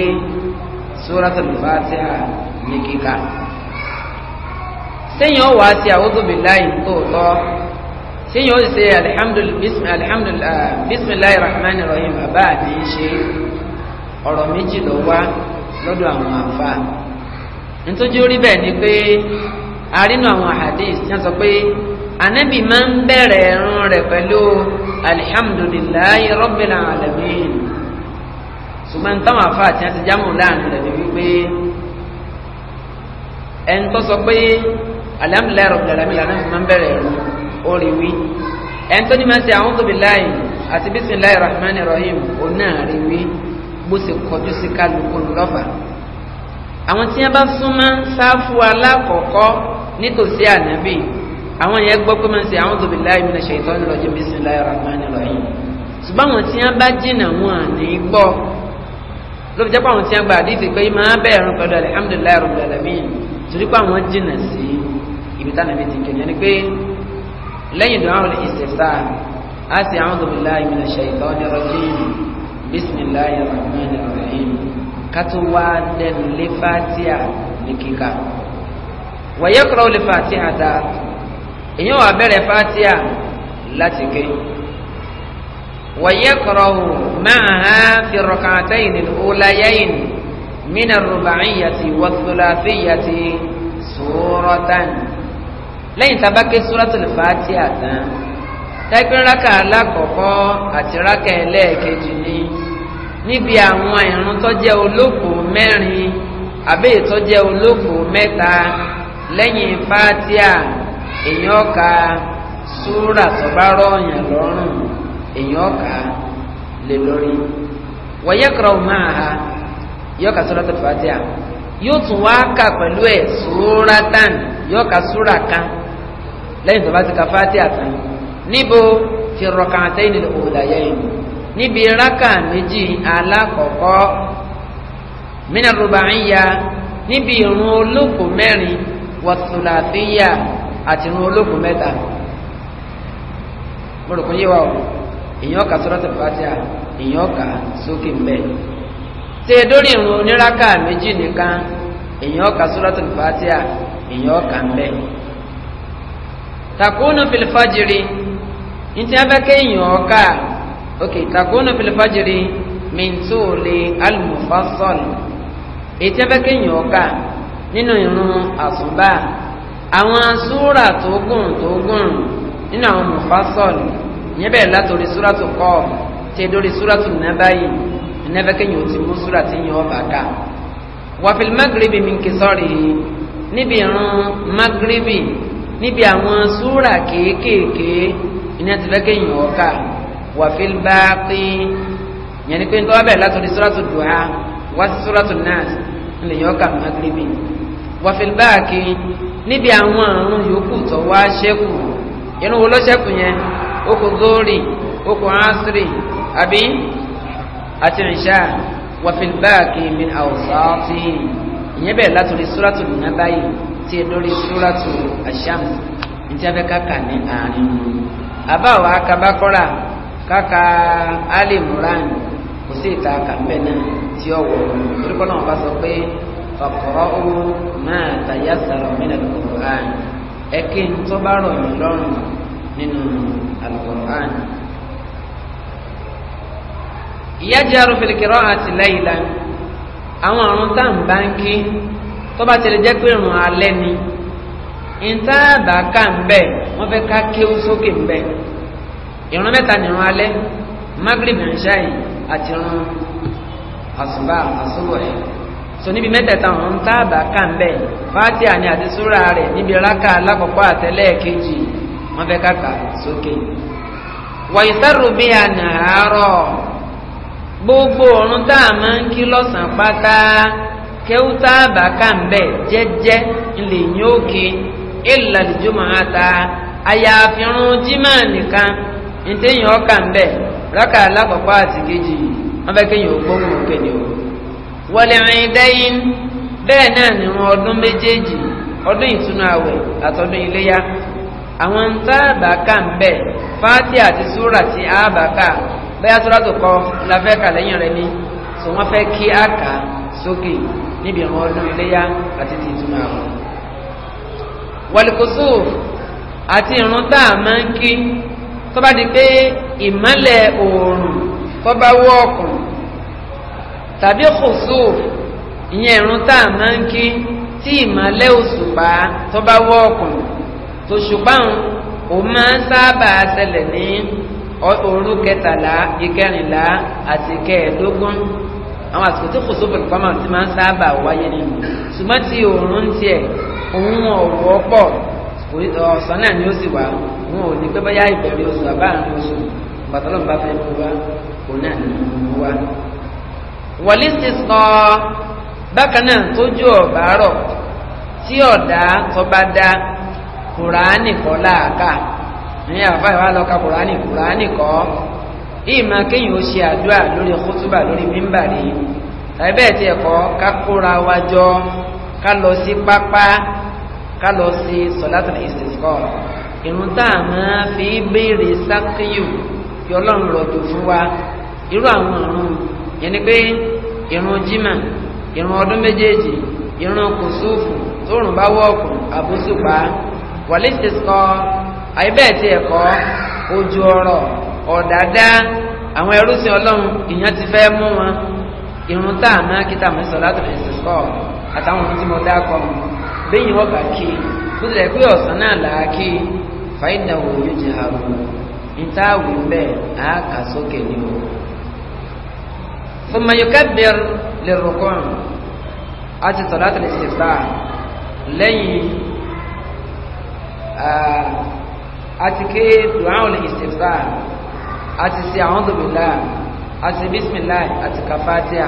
suratul Fatiha ní kíkà sẹ́yìn ó wà á ti a'udhu billahi tóòtọ́ sẹ́yìn ó ṣe alhamdulilayi ah, rahman rahim bàbá àti ṣe ọ̀rọ̀ méjì ló wá lọ́dọ̀ àwọn àfa nítorí orí bẹ́ẹ̀ ni pé àrínú àwọn hadith yẹn sọ pé anabi máa ń bẹ̀rẹ̀ ẹ̀rùn rẹ̀ pẹ̀lú alihamdulilayi rabbil alamin ṣùgbọ́n táwọn afa àti àti jámù láàrin rẹ̀ ni wípé ẹni tó sọ pé alhamdulilayi rabbil alamin lana ma bẹ̀rẹ̀ ẹrù orí wí ẹnitọ́ni máa ṣe a'udhu billahi àti bisimilayi rahmani rahim onáàrí wí bó ṣe kọjú sí kálukú lọ́fà àwọn tí wọn bá súnmọ́ sáfù alákọ̀ọ́kọ́ nítòsí ànábì àwọn yẹn gbọ́ pé máa ṣe a'udhu billahi minash shaitani rajim bisimilayi rahmani rahim ṣùgbọ́n àwọn tí wọn bá jìnnà wọn àní gbọ́ lóbi jẹ́ pé àwọn tí wọn gba àdìsí pé máa bẹ̀rù pẹ̀lú alhamdulilayi rabbil alamin torí pé àwọn jìnnà sí i ibi táwọn ẹbí ti ń kẹyìn ni pé lẹ́yìn dùn àwọn ìṣẹ̀fà á sì àwọn dòmìnira ìmìnira ṣàyẹ̀tọ̀ ọ̀nà rọ̀jìn bisimilahi rahman rahim kátó wá lẹ́nu lé fatia ní kíkà wọ̀nyẹ́ kúrò lé fatia ta èyí wà bẹ̀rẹ̀ fatia láti ké wọ̀nyẹ́ kúrò máa ha fi rọ̀kàtẹ́yìn ní ọ̀làyẹ́yìn mí na rùbàáyàtì wọ́túláfíyàtì sùúrọ̀tàn. lẹ́yìn tá a bá ké suratul Fatiha tán tẹ́gbẹ́ rákà alákọ̀ọ́kọ́ àti raka ẹlẹ́ẹ̀kejì ni níbi àwọn ìrun tó jẹ́ olóko mẹ́rin àbí tó jẹ́ olóko mẹ́ta lẹ́yìn Fatiha èèyàn ka súrà tó bá rọ̀yàn lọ́rùn èèyàn ka lè lórí wọ́yẹ́kọ̀rọ̀ máa ka suratul Fatiha yóò tún wá kà pẹ̀lú ẹ̀ súrà tán ka súrà kan. lẹ́yìn tó bá ti ka fati àtàn níbo fi rọkàtẹ́ ìnìlẹ̀ òwúlàyẹ yìí níbi rákà méjì alákọ̀ọ́kọ́ mina rubaiya níbi ìrun olóko mẹ́rin wàtúlàfíyà àti ìrun olóko mẹ́ta mo rò pé yé wa o èèyàn kà suratul fatiha èèyàn kà sókè mbẹ tẹ dórí ìrun oníraka méjì nìkan èèyàn kà suratul fatiha èèyàn kà mbẹ takuna filifajiri ntí a bẹ kéèyàn ọ̀ka ok takuna filifajiri mintuuli almufasol ètí a bẹ kéèyàn ọ̀ka nínú irun àsùbá àwọn súra tó gùn tó gùn nínú àwọn mufasol ìyẹn bẹ̀rẹ̀ látòrí súra tó kọ́ tí a dórí súra tó nà báyìí ìyẹn bẹ kéèyàn ti mú súra tí yẹn ọba ká wàfíìl magrebi mi nkì sọ́ọ̀rì níbi irun magrebi níbi àwọn súrà kéékèèké iná ti fẹ́ kéèyàn ọ̀ka wàfíìl bá pín yẹn ni pé nítorí bẹ́ẹ̀ látọ̀dí súrátù dùhà wá sí súrátù nàás ńlẹ̀ yẹn ọ̀ka magrebi wàfíìl bá kí níbi àwọn àrùn yòókù tó wá ṣẹ́kù inú wo ló yẹn okò zórì okò ásírì àbí àti ìṣá wàfíìl bá kí min àwòsàn ọ̀tí ìyẹn bẹ́ẹ̀ látọ̀dí súrátù nàbáyìí. E tí ẹ lórí sóràtù àṣàm ntí a fẹ́ káka ní àárín mu àbáwọ̀ akabakọ́ra káka alimuran kò sí ìta kàmbẹ́ náà tí ó wọ̀ orúkọ náà bá sọ pé ọ̀kọ́rọ́ ó máa tàyà sàrọ̀ mí lẹ́nu kòkòrán ẹ tó bá ti lè pé ìrùn alẹ́ ni ìtaàbà ká ń bẹ̀ wọ́n fẹ́ ká kéwú sókè ń ìrùn àti ìrùn so níbi mẹ́tẹ̀ẹ̀ta wọn táàbà ká ń ni àti súra rẹ̀ níbi rákà alákọ̀ọ́kọ́ àtẹlẹ́ẹ̀kejì wọ́n fẹ́ ká kà sókè wàyí gbogbo ọ̀run tá a máa ń kí kewuta baka mbe jẹ́jẹ́ ńlẹ yín òkè ìlà ìjọmọ ata àyàfi jimá nìkan ntẹ̀yìn ọkà mbe rákà alákọ̀ọ́kọ́ àti kejì wọn fẹ́ kéèyàn o wọlé rìn dẹ́yìn bẹ́ẹ̀ náà ni wọn ọdún méjèèjì ọdún ìtúnu àwẹ̀ àtọdún iléyá àwọn awọn tá àbàkà ń bẹ̀ fáti àti súrà bẹ́ẹ̀ tó kọ́ la fẹ́ kà lẹ́yìn níbi àwọn ọdún iléyà àti ti ìtumọ̀ àwọn. wàlùkùsù àti ìrún tá a máa ń kí tó bá di pé ìmọ́lẹ̀ oòrùn tó bá wọ́ ọ̀kùn tàbí kùsù ìyẹn ìrún tá a máa ń kí tí ìmọ́lẹ̀ òṣùpá tó bá wọ́ ọ̀kùn tó ṣùgbọ́n òun máa ń sábà ṣẹlẹ̀ ní òru kẹtàlá ìkẹrìnlá àti kẹẹ̀ẹ́dógún àwọn àsìkò tí kò sóbò kọ́mọ̀ tí máa ń sábà wáyé nínú ṣùgbọ́n tí òórùn tiẹ̀ òun ọ̀wọ́ pọ̀ ọ̀sán náà ni ó sì wà wọn ò ní pẹ́ bá yá ìbẹ̀rẹ̀ oṣù àbáàrin oṣù bàtọ́lọ́ bá fẹ́ mú wa òun náà ni mú wa. wọlé ti sọ bákan náà tójú ọ̀bá tí ọ̀dà tọ́ba dá kùránì kọ́ láàká ní àbáyọ̀ wà lọ́ka kùránì kùránì kọ́ ìmọ̀ kéyìn ó ṣe àdúrà lórí kútúbà lórí mímbàrí tàbí bẹ́ẹ̀ tí ẹ̀kọ́ ká kóra wa jọ ká lọ sí pápá ká lọ sí sọ̀látà ìsìnkọ́ ìrun tá a máa fi béèrè sákìyù kí ọlọ́run rọ̀jò fún wa irú àwọn ìrun yẹn ni pé ìrun jimá ìrun ọdún méjèèjì ìrun kùsùfù tóòrùn bá wọ́ọ̀kù àbúsùpá wàlẹ́ ìsìnkọ́ àyíbẹ̀ẹ́ tí ẹ̀kọ́ ojú ọ̀rọ̀ ọ̀dàdá àwọn ẹrúsìn ọlọ́run ìyẹn ti fẹ́ mú wọn irun tá a máa kíta mi sọ láti fi ṣe sọ àtàwọn ohun tí mo dá kọ mi bẹ́yìn wọ́n bá kí bó tilẹ̀ pé ọ̀sán náà là á kí fàyínà wò yóò jẹ àrùn níta wì bẹ́ẹ̀ á kà sókè ni o. fọmọyọkẹ bẹ̀rẹ̀ lè rọkàn á ti sọ láti fi ṣe sọ lẹ́yìn àti ké dùn áwọn lè ṣe sọ. àti sí a'udhu billahi àti bisimilahi àti kàfátíà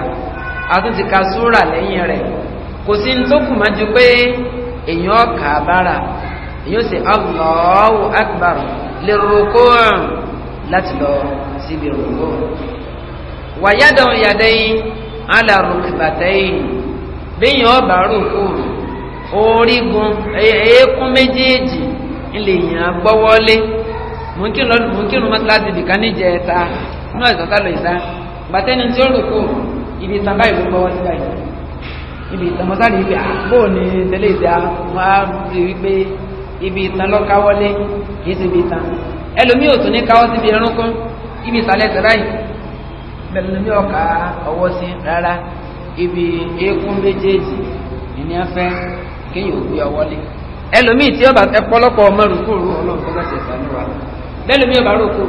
àtúntì ka súrà lẹ́yìn rẹ̀ kò sí ní tó kù má ju pé èèyàn kà bára èèyàn sì Allahu akbar lè rúkú láti lọ síbi rúkú. wàyádọ̀ yàdẹ́yìn alárùkìbàtẹ́yìn bẹ́yìn ọba rúkú orígun eékún méjèèjì ńlẹ̀ yàn gbọ́wọ́lé. mò ń kírun mò ń kírun mọ́sálásí ibìkan níjẹ ẹ̀ta nínú àìsàn sálọ ìta gbàtẹ́ni tí ó rò kó ibi ìtàn báyìí ló gbọ́wọ́ sí báyìí ibi ìtàn mọ́sálásí ibi àbò ní tẹ́lẹ̀ ìta máa rí wípé ibi ìtàn lọ káwọ́lé kì í ṣe ibi ìtàn ẹlòmíì ò ní káwọ́ síbi ẹrúnkún ibi ìsàlẹ̀ sẹ́rà yìí bẹ̀rẹ̀ lómi ọ̀ka ọwọ́ sí rárá ibi eékún méjèèjì ìní afẹ́ kéèyàn ò gbé ọwọ́ lé ẹlòmíì tí ọba ẹpọlọpọ ọmọ rúkúrú ọlọ́run tó bá ṣe sànú bẹ́ẹ̀ lómi ọba rókò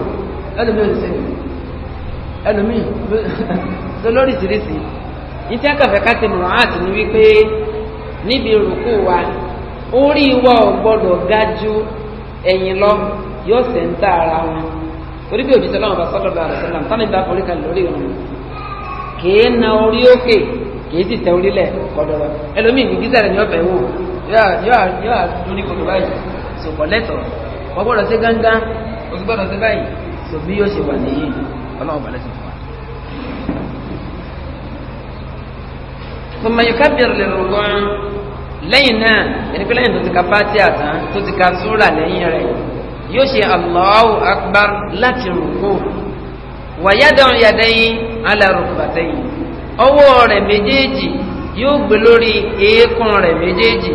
ẹlòmí olùsẹ́ni ẹlòmí tó lóríṣiríṣi iṣẹ́ kẹfẹ́ káti mọ̀ áàtì ni wípé níbi rúkú wa orí wa ò gbọdọ̀ ga ju ẹ̀yìn lọ yóò sẹ̀ ń tà ara wọn torí bí òjijì ọlọ́run bá sọ́dọ̀ bá rẹ̀ sọ́dọ̀ tánà ìgbà forí kan lórí òun kìí na orí òkè kìí sì tẹ orílẹ̀ kọ̀dọ̀rọ̀ ẹlòmíì ní gíga rẹ̀ ní ọ̀fẹ́ wò yóò àdúró ní kòtò báyìí sòkò lẹ́tọ̀ sí gángan sì gbọ́dọ̀ sí báyìí tó bí yóò ṣe wà nìyí ọlọ́run balẹ̀ sí fún wa. tòmọ̀yìká bẹ̀rẹ̀ lè rò wọ́n lẹ́yìn náà ẹni pé lẹ́yìn tó ti ka pátí àtàn tó ti ka súrà lẹ́yìn rẹ̀ yóò ṣe Allahu akbar láti rúkú wàyádàn yàdẹ́yìn alárùkùbàtẹ́yìn ọwọ́ rẹ̀ méjèèjì yóò gbé lórí eékún rẹ̀ méjèèjì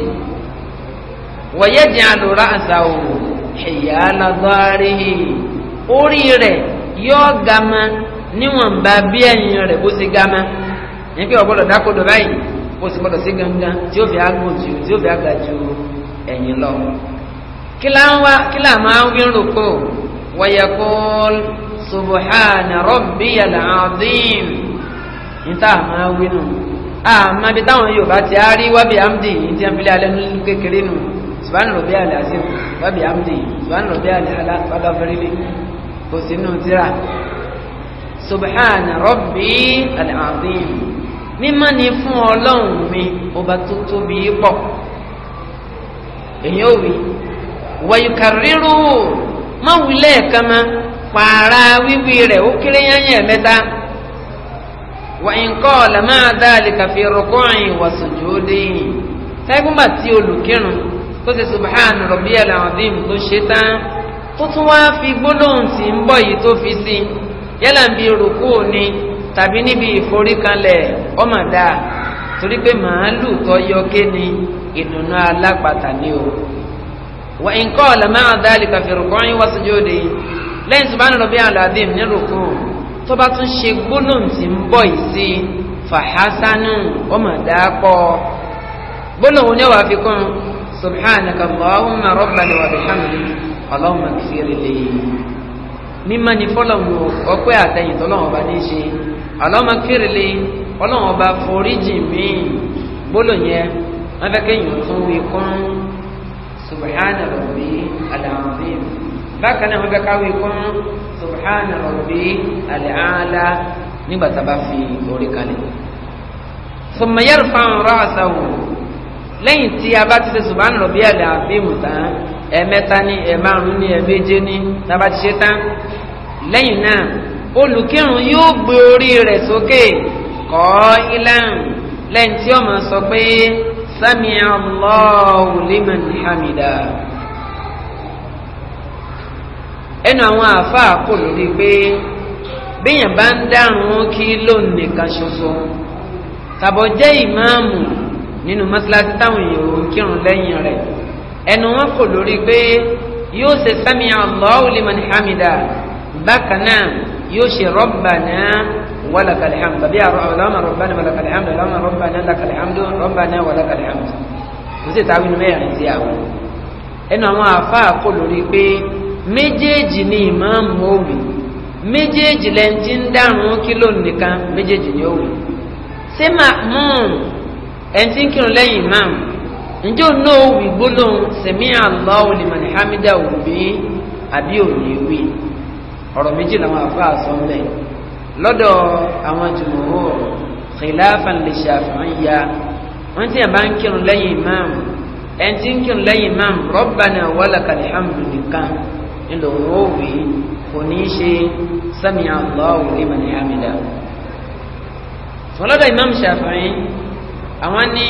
wàyẹ́jì àlùrà àṣà òwò ẹ̀yàánà zọ́ọ́rìhì orí rẹ̀ yóò ga ma níwọ̀nba bí ẹ̀yìn rẹ̀ bó ti ga ma ní pé ọ̀gbọ́dọ̀ dákodò báyìí bó ti gbọ́dọ̀ sí gangan tí ó fi àgùn jù tí ó fi àgà ju ẹ̀yìn lọ. kílá ń wá kílá máa ń wírò pò wayaqul subuhana rabbiyal azim níta máa wínú àmọ́ ibi táwọn Yorùbá ti á rí wábìámdì yìí tí wọ́n fi alẹ́ nínú kékeré nù subhana rabbiya al-azim babi amdi subhana rabbiya al-ala fagafirili kò sí nù tíra subhana rabbi al-azim mímọ́ ni fún ọlọ́run mi ọba tó tóbi pọ̀ èyí ò wí wàyùkàrírù mọ̀wulẹ̀ kama pààrà wíwí rẹ̀ ó kéré yányẹ̀ mẹ́ta wàyìn kọ́ ọ̀làmáàdá àlìkàfẹ́ rọ̀kọ́rin wàsùnjúdé tẹ́gbọ́n bá ti olùkírun tó ṣe subhana rabbiyal azim tó ṣe tán tó tún wá fi gbólóhùn tí ń yìí tó fi sí yálà ń bi ni tàbí níbi ìforíkanlẹ̀ ọmọ dáa torí pé màálù tó yọ ìdùnnú ni o wà kàfẹ́rùkọ́ yín wá òde lẹ́yìn ní tó bá tún ṣe gbólóhùn ń bọ̀ yìí sí fàhásánù ọmọ subhanaka allahumma rabbana wa bihamdika allahumma ighfir li mímọ́ ni fọlọ́mù ọpẹ́ àtẹ̀yìn tọ́lọ́wọ́n ọba ní í ṣe allahumma ighfir li ọlọ́wọ́n ọba foríjì mí gbọ́dọ̀ yẹn wọ́n fẹ́ kéèyàn tún wí kún subhana rabbi al-azim bákan náà wọ́n fẹ́ káwé kún subhana rabbi al nígbà tá a bá fi orí kalẹ̀. thumma yarfa'u ra'sahu lẹ́yìn tí a bá ti ṣe subhana rabbiyal azim tán ẹ̀mẹ́ta ní ẹ̀márùn ní ẹ̀mẹ́je ní tábà ti ṣe tán lẹ́yìn náà olùkírun yóò gbé orí rẹ̀ sókè kọ́ ilan lẹ́yìn tí ó máa sọ pé sami Allahu liman hamida ẹnu àwọn àáfàá kò lórí pé béèyàn bá ń dárun kí lóun nìkan ṣoṣo tàbọ̀ jẹ́ ìmáàmù nínú mọ́sálásí táwọn èèyàn ò ń kírun lẹ́yìn rẹ̀ ẹnu wọn kò lórí pé yóò ṣe sami Allahu liman hamida bákan náà yóò ṣe rabbana wa lakal hamd tàbí Allahumma rabbana wa lakal hamd Allahumma rabbana lakal hamd rabbana wa lakal hamd kò sí ìtawí ni mẹ́rin ti àwọn ẹnu àwọn àfáà kò lórí pé méjèèjì ni ìmáàmù òwe méjèèjì lẹ́ni ń dárun kí lónìí méjèèjì ni òwe ṣé màmúùn ẹni tí ń kírun lẹ́yìn imam ǹjẹ́ òun náà wí gbólóhùn sami'a Allahu liman hamidahu òbí àbí òní wí ọ̀rọ̀ méjì làwọn àfáà sọ ńlẹ̀ lọ́dọ̀ àwọn jumhur khilafan li Shafi'iyya wọ́n ti yàn bá ń kírun lẹ́yìn imam ẹni tí ń kírun lẹ́yìn imam rabbana walakal hamdu nìkan ńlọ òwò wí kò ní í ṣe sami'a Allahu liman hamidahu. sọlọ́dọ̀ imam Shafi'i àwọn ní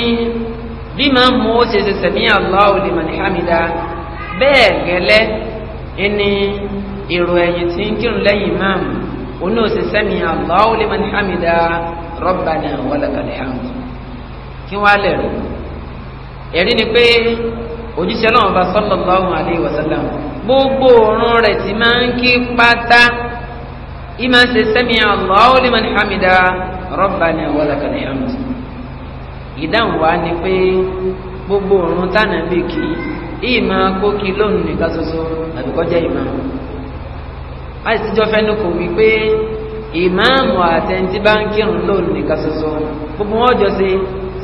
bí máa mú ó ṣe ṣe sẹ̀mí Allahu liman hamida bẹ́ẹ̀ gẹ́lẹ́ ẹni èrò ẹ̀yìn tí ń kírun lẹ́yìn imam oní ó ṣe sẹ̀mí Allahu liman hamida rabbana walakal hamd kí wọ́n á lẹ̀ rò ẹ̀rí ni pé òjíṣẹ́ náà bá sallallahu alayhi wa sallam gbogbo òórùn rẹ̀ ti máa ń kí pátá ìmọ̀ ṣe sami'a Allahu liman hamida rabbana walakal hamd. ìdáhùn wa ni pé gbogbo òrùn tánà bí kì í ìmọ̀ kókì lónìí nìkan ṣoṣo tàbí kọjá ìmọ̀ àìsíjọ́ fẹ́nu kò wí pé ìmáàmù àtẹ̀ntì bá ń kírun lónìí nìkan ṣoṣo gbogbo wọn jọ sí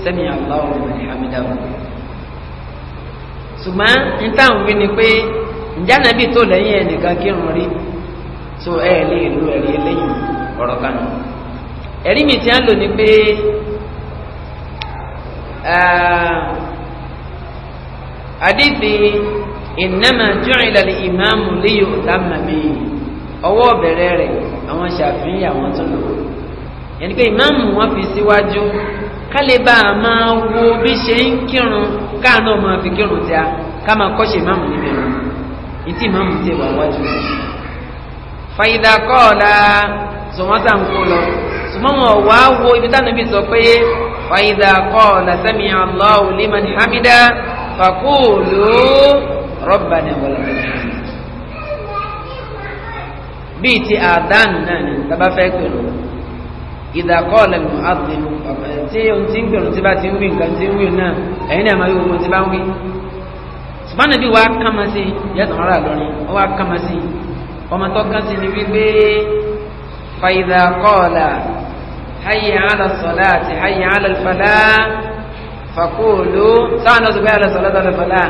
sẹ́mi Allahu liman hamidahu ṣùgbọ́n ni pé ǹjẹ́ ànábì tó lẹ́yìn ẹnìkan kírun rí so ẹ̀ lè lu ẹ̀rí eléyìí ọ̀rọ̀ kanu ẹ̀rí mi ti á àdìsí ìnáma jọ́ìlà ìmáàmù léyò lámàmì ọwọ́ bẹ̀rẹ̀ rẹ̀ àwọn ṣàfihàn àwọn tó lò yẹnni pé ìmáàmù wọn fi síwájú kálíbà máa wo bí ṣe ń kírun káàánú máa fi kírun tí a ká máa kọ́ṣe ìmáàmù níbẹ̀ rẹ̀ ìtì ìmáàmù ti wà wájú rẹ̀ fàyídà kọ́ọ̀lá sọmọ́tà ń kó lọ sọmọ́ wọn wá wo ibi táwọn ibi sọ pé فإذا قال سمع الله لمن حمدا فقولوا ربنا ولك الحمد بيتي آذان ناني تبا فاكروا إذا قال المؤذن tí o ti ń gbèrò tí bá ti ń wí nǹkan ti ń wí náà ẹ̀yin náà máa yóò wọ́n ti bá ń wí. ṣùgbọ́n bí wàá kàmá sí yàtọ̀ ọ̀rọ̀ àlọ́rin ó wàá kàmá sí ọmọ tó kàn sí ni wípé fàyídà hayya ala salati hayya ala falah fakulu sáwọn náà sọ bẹ́ẹ̀ ala salati ala falah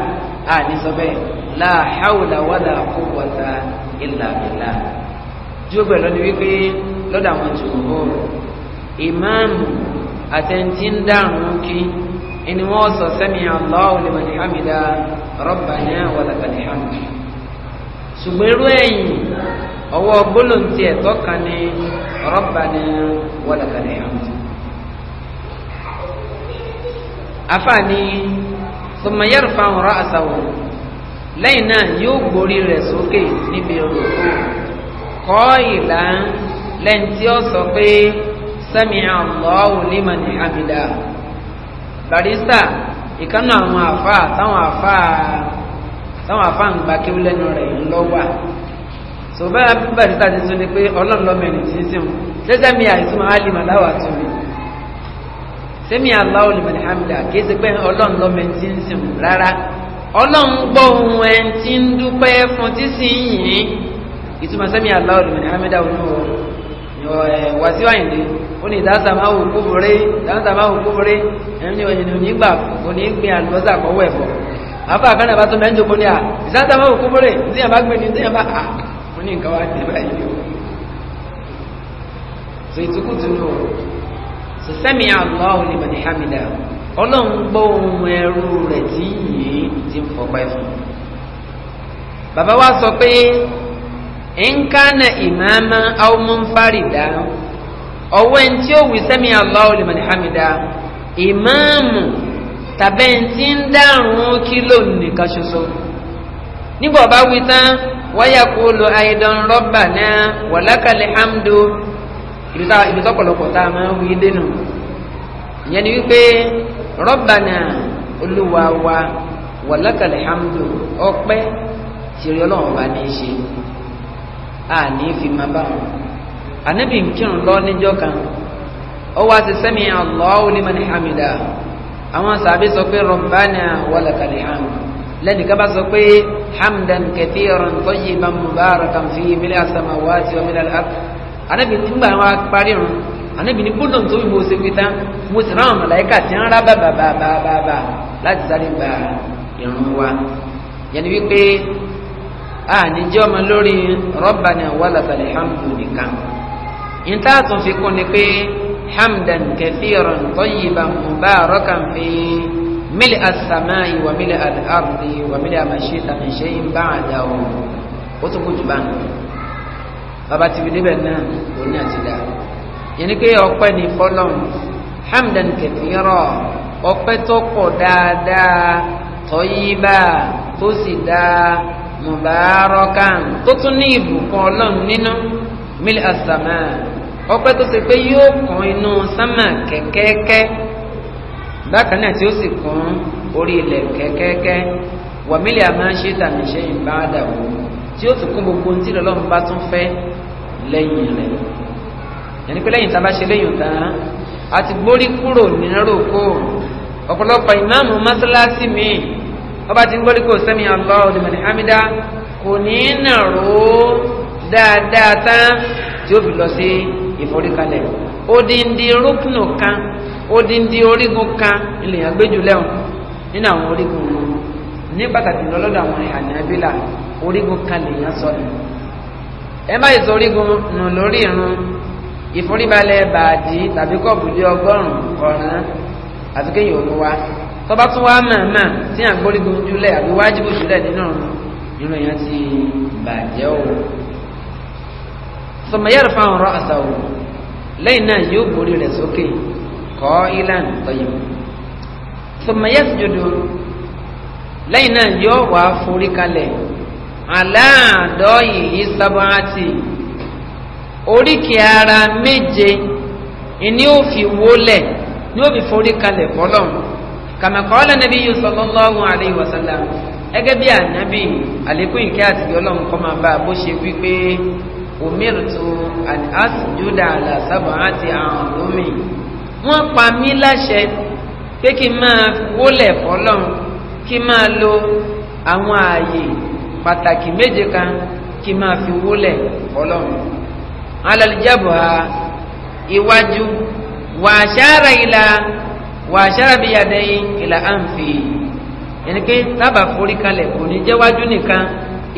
a ní sọ bẹ́ẹ̀ la hawla wala quwwata illa billah jókòó lọ́ni wípé lọ́dọ̀ àwọn jùmọ̀ ìmáàmù àtẹ̀ntì ń dàrún kí ẹni wọ́n sọ sẹ́mi Allahu liman hamida rabbana wa lakal hamd ṣùgbọ́n irú ẹ̀yìn ọwọ́ gbólóhùn tiẹ̀ tọ́ka ní rabbana walakal hamd. afaani thumma yarfa'u ra'sahu lẹ́yìn náà yóò gborí rẹ̀ sókè níbi rúkú kọ́ ìlà lẹ́yìn tí ó sọ pé sami'a Allahu liman hamida barista ìkànnà àwọn àfa táwọn àfa táwọn àfa ń gba kí ó lẹ́nu rẹ̀ ńlọ́wà so bẹ́ẹ̀ bíbá títà ti tún ni pé ọlọ́run lọ́mọ ẹni tí ń sìn ṣẹ́ṣẹ́ mi àìsùn alima láwà tún mi sẹ́mi Allahu liman hamida kìí ṣe pé ọlọ́run lọ́mọ ẹni tí ń sìn rárá ọlọ́run gbọ́ ohun ẹni tí ń dúpẹ́ fún tí sì ń yìn ìtumọ̀ sẹ́mi Allahu liman hamida olúwo wàsíù àyìndé ó ní ìdá sàmáwò kúburé ìdá sàmáwò kúburé ẹni òyìnbó nígbà kò ní gbin àlùbọ́sà kọ́wọ́ ẹ̀fọ́ àbá àkànnà bá tó mẹ́ńdókòó ní à wọ́n ní nǹkan wá dé báyìí o so ìtukùtù nù o so sẹ́mi Allahu liman hamida ọlọ́run gbọ́ ohun ẹrú rẹ̀ tí yìí ti ń fọpẹ́ fún un bàbá wa sọ pé nkánà ìmáàmá awomunfarida ọwọ́ ẹni tí ó wí sẹ́mi Allahu liman hamida ìmáàmù tàbẹ́ntì ń dárun kí lónìí nìkan ṣoṣo nígbà ọba wí tán wáyàkúlù àìdán rọ́bà náà wàlákàlẹ̀ hamdu ìdúsọ́pọ̀lọpọ̀ tá a máa ń wí dénú ìyẹn ni wípé rọ́bà náà olúwa wa wàlákàlẹ̀ hamdu ọpẹ́ tìrì ọlọ́run bá ní í ṣe àní fi máa bá wọn. ànábì ń kírun lọ níjọ́ kan ó wá ti sami'a Allahu liman hamida àwọn sàbí sọ pé rabbana walakal hamd lẹ́nìkan bá sọ pé hamdan kathiran tayyiban mubarakan fi mílíọ̀nù samawati wa mílíọ̀nù àti anábì nígbà wọn parí irun anábì ní gbọ́dọ̀ tó bí mo ṣe fi tán mo sì ráwọn màláíkà tí ń rá bàbàbàbàbà láti sáré gba irun wa yẹn wípé a níjẹ́ ọmọ lórí rabbana wa lakal hamdu nìkan níta tún fi kún ni pé hamdan kathiran tayyiban mubarakan fi mílì àsàmáyì wà mílì àdìhàrùdì wà mílì àmàṣe tàmíṣe ń bá àdá o ó tó kójú bá nù bàbá tìbí débẹ̀ náà kò ní àtìdá yẹn ni pé ọpẹ́ ní fọlọ́n hamdan kẹfìrọ ọpẹ́ tó pọ̀ dáadáa tọ́yíbà tó sì dáa mùbárakan tó tún ní ìbùkún ọlọ́run nínú mílì àsàmáyì ọpẹ́ tó ṣe pé yóò kàn inú sánmà kẹ̀kẹ́kẹ́ bákan náà tí ó sì kún orí ilẹ̀ kẹ́kẹ́kẹ́ wàmílì àmọ́ ṣe tàbí ṣe ń bá dàbò tí ó tún kún gbogbo ohun tí lọ́lọ́run bá tún fẹ́ lẹ́yìn rẹ̀ ẹni pé lẹ́yìn tá a bá ṣe lẹ́yìn tán a ti gbórí kúrò nírò kó ọ̀pọ̀lọpọ̀ ìmáàmù mọ́sálásí mi ọba ti ń gbórí kó sẹ́mi Allahu liman hamida kò ní í nàró dáadáa tán tí ó fi lọ sí ìforíkalẹ̀ odindi rúknù kan odindi orígun kan ilẹ̀ yẹn gbé o nínú àwọn orígun wọn ní pàtàkì lọ́lọ́dọ̀ àwọn Hanabila orígun kan lè sọ ni ẹ má yẹsọ orígun nù lórí irun ìforíbalẹ̀ bàdí tàbí kọ̀bùlé ọgọ́rùn-ún ọ̀ràn àti kéèyàn òun wá tọ́ba tún wá màmá tí àgbórígun jùlẹ̀ àbí wájibù jùlẹ̀ nínú irun yẹn ti bàjẹ́ o sọmọ yẹ́rù fáwọn ọ̀rọ̀ àṣà lẹ́yìn náà yóò borí rẹ̀ sókè qailan tayyib thumma yasjudu lẹ́yìn náà yóò wá forí kalẹ̀ aláàdọ́yì yìí sábàátì oríkì ara méje ni ó fi wólẹ̀ ni ó fi forí kalẹ̀ fọlọ́n kàmẹ́kọ́lá nàbí yìí sallallahu alayhi wa sallam ẹgẹ́ bí ànábì àlékún ìkẹ́ àti ọlọ́run kọ́ máa bá a bó ṣe wípé umirtu an asjuda ala sab'ati a'zumi wọ́n pa mí láṣẹ pé kí n máa wólẹ̀ fọlọ́run kí n máa lo àwọn ààyè pàtàkì méje kan kí n máa fi wólẹ̀ fọlọ́run. alalijabuha iwájú wàṣára ìlà wàṣára bíyàdẹ́yìn ìlà àǹfì ẹni pé tábà forí kalẹ̀ kò ní jẹ́ wájú nìkan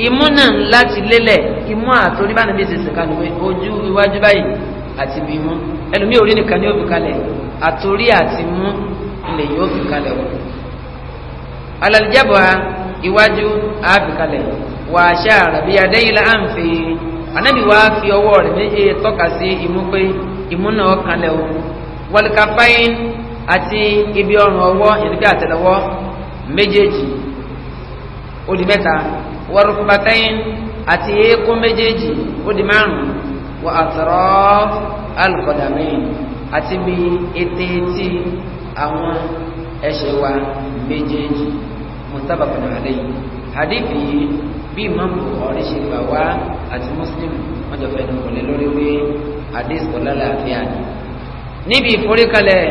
imú náà láti lélẹ̀ imú àtòrí bá níbi ìsinsìnkanu ojú iwájú báyìí àti mímú ẹlòmíì orí nìkan ni ó fi kalẹ̀ àtòrí àti mú ilẹ̀ yóò fi kalẹ̀ wọ̀ alalijabọ iwájú àfi kalẹ̀ wà á ṣe àràbí adéyìnlá à ń fi anabi wa fi ọwọ́ rẹ̀ méje tọ́ka sí imú pé imú náà kalẹ̀ o wọlékapáyín àti ibi ọrùn ọwọ́ ìdíkẹ́ àtẹlẹwọ́ méjèèjì ó di mẹ́ta wọ́rùkúbatáyín àti eékún méjèèjì ó di márùn-ún wa atraf al-qadamayn àti bí ètè tí àwọn ẹsẹ̀ wa méjèèjì muttafaqun alayhi hadithi yìí bí ìmáàmù Bukhari ṣe gbà wá àti Muslim wọ́n jọ fẹ́ẹ́ nìkan lé lórí pé hadith kò lálàáfíà ni. níbi ìforíkalẹ̀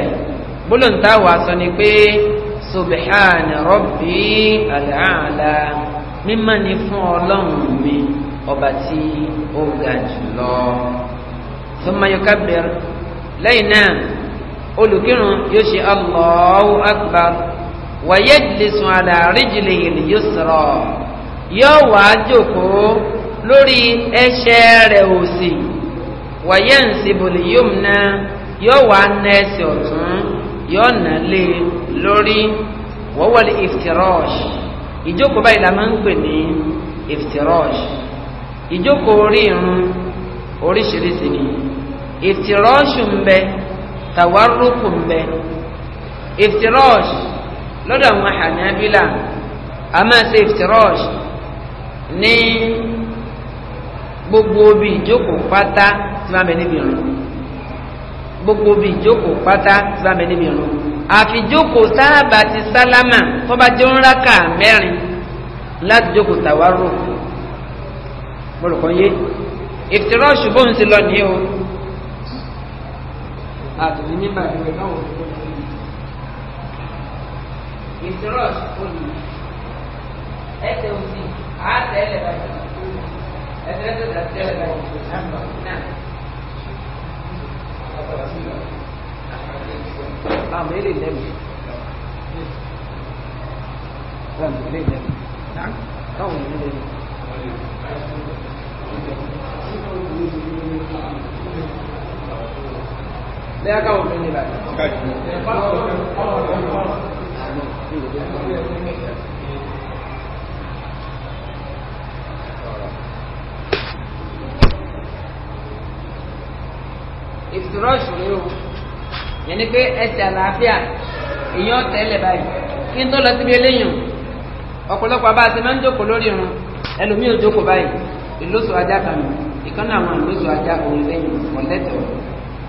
gbólóǹtà wàá sọ ni pé subhana rabbi al mímọ́ ni fún ọlọ́run mi ọba tí ó ga jùlọ thumma yukabbir lẹ́yìn náà olùkírun yóò ṣe Allahu akbar wa yajlisu ala rijlihi al-yusra yóò wá jókòó lórí ẹsẹ̀ rẹ̀ òsì wa yansibu al-yumna yóò wá na ẹsẹ̀ ọ̀tún yóò nà lé lórí wa huwa ìjókòó báyìí la máa ń pè ní iftirash ìjókòó orí irun oríṣiríṣi ni ìftirọ́ọ̀ṣù ń bẹ tàwárùkù ń bẹ ìftirọ́ọ̀ṣù lọ́dọ̀ àwọn Hanabila a máa ṣe ìftirọ́ọ̀ṣù ní gbogbo bí ìjókòó pátá tí wọ́n bẹ níbi irun gbogbo bí ìjókòó pátá tí wọ́n bẹ níbi irun àfijókòó sáábà ti sálámà tó bá rákà mẹ́rin láti jókòó tàwárùkù mo rò kàn yé ìfìtìrọ̀ ṣùgbọ́n ń ti lọ nìyẹn o àtòlí nígbà tí wọ́n náà wọ́n tó lọ yìí ìfìtìrọ̀ ṣùgbọ́n ni ẹsẹ̀ òsì àátẹ̀ ẹlẹ̀ báyìí ẹsẹ̀ ẹsẹ̀ dàtí ẹlẹ̀ báyìí náà. Àmì ilé lẹ́mìí. Àmì ilé lẹ́mìí. Táwọn ilé lẹ́mìí. Daya ka wọn fẹ́ni láti. Ìfìtìrọ́ọ̀ṣù rẹ yẹn ni pé ẹsẹ̀ àlàáfíà èèyàn tẹ́lẹ̀ báyìí. Kí n tó lọ síbi eléyìí ọ̀pọ̀lọpọ̀ ìlóso ajá kan nù ìkànnì àwọn ìlóso ajá òun lẹ́yìn ọ̀lẹ́tọ̀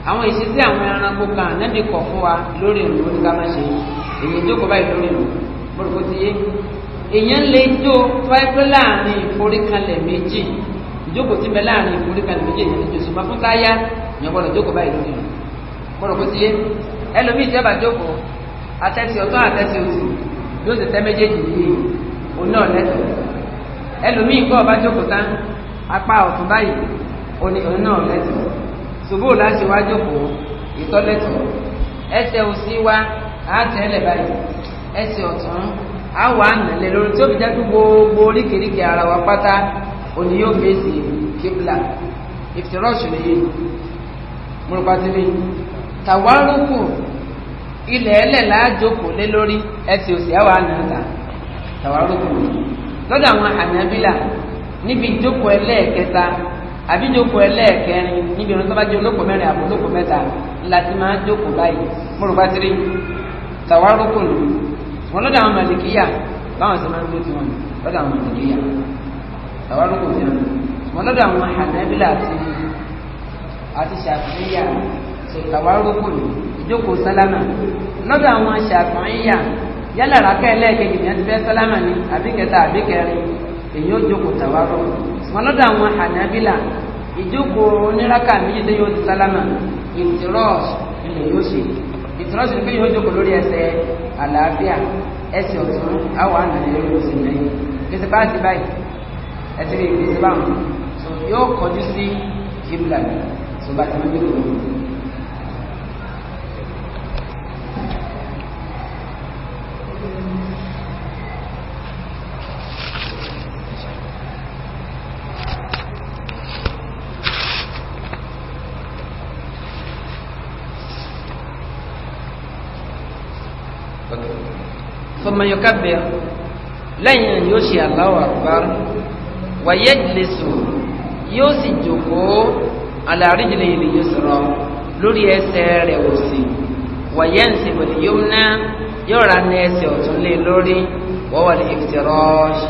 àwọn ìṣesí àwọn ẹranko kan nẹ́ẹ̀dì kọ̀ fún wa lórí ìlú oníkà máa ṣe èyí ìjókòó báyìí lórí ìlú gbọdọ̀ ti yé èèyàn lè jó fáìpẹ́ láàrin ìforíkalẹ̀ méjì ìjókòó ti bẹ láàrin ìforíkalẹ̀ méjì èèyàn lè jó ṣùgbọ́n fún táyà èèyàn gbọdọ̀ jókòó báyìí lórí ìlú gbọdọ̀ ti yé ẹlòmíì tí ẹ bá jókòó atẹ́sí ọ̀tún àtẹ́sí oṣù yóò ti tẹ́ méjèèjì yìí òun náà ẹlòmíì kọ́ ọba jókòó tán apá ọ̀tún báyìí òní òun náà lẹ́tọ̀ ṣubú láti wá jókòó ìtọ́lẹ́tọ̀ ẹsẹ̀ òsì wa á báyìí ẹsẹ̀ ọ̀tún á wà lórí tí ó fi gbogbo oríkèéríkè ara wa pátá òní yóò fèsì kíbla ìfìrọ́ọ̀ṣù nìyí múrùpátìmí tàwárùkù ilẹ̀ ẹlẹ̀ láàjókòó lé lórí ẹsẹ̀ òsì á wà tàwárùkù lọ́dọ̀ àwọn níbi ìjókòó ẹlẹ́ẹ̀kẹta àbí ìjókòó ẹlẹ́ẹ̀kẹrin níbi ìrún tó bá jẹ́ olóko mẹ́rin àbò olóko mẹ́ta láti máa jókòó báyìí mo rò bá ti rí tàwárùkù lò wọn lọ́dọ̀ àwọn màlìkíyà báwọn sì máa ń gbé tiwọn lọ́dọ̀ àwọn màlìkíyà tàwárùkù ti hàn wọn lọ́dọ̀ àwọn hànẹ́bílà àti àti ṣàfihà ṣe ìjókòó sálámà lọ́dọ̀ àwọn ṣàfihà yálà rákẹ́ ẹlẹ́ẹ̀kejì ni a ti èyí ó jókòó tàwárọ̀ wọn lọ́dọ̀ àwọn Hanabila ìjókòó oníraka méjì tó yóò ti sálámà ìtìrọ́ọ̀sì ilẹ̀ yóò ṣe ìtìrọ́ọ̀sì nígbà yóò jókòó lórí ẹsẹ̀ àlàáfíà ẹsẹ̀ ọ̀tún àwọn ànàlẹ́ yóò sì mẹ́yìn gbèsè bá ti báyìí ẹtì rí gbèsè báwọn yóò kọjú sí kíbla tó bá ti mú jókòó thumma yukabbir lẹ́yìn yóò ṣe Allahu akbar wa yajlisu yóò sì jókòó ala rijlihil yusra lórí ẹsẹ̀ rẹ̀ òsì wa yansibu al-yumna yóò ra ní ẹsẹ̀ ọ̀tún lé lórí wa huwa al-iftirash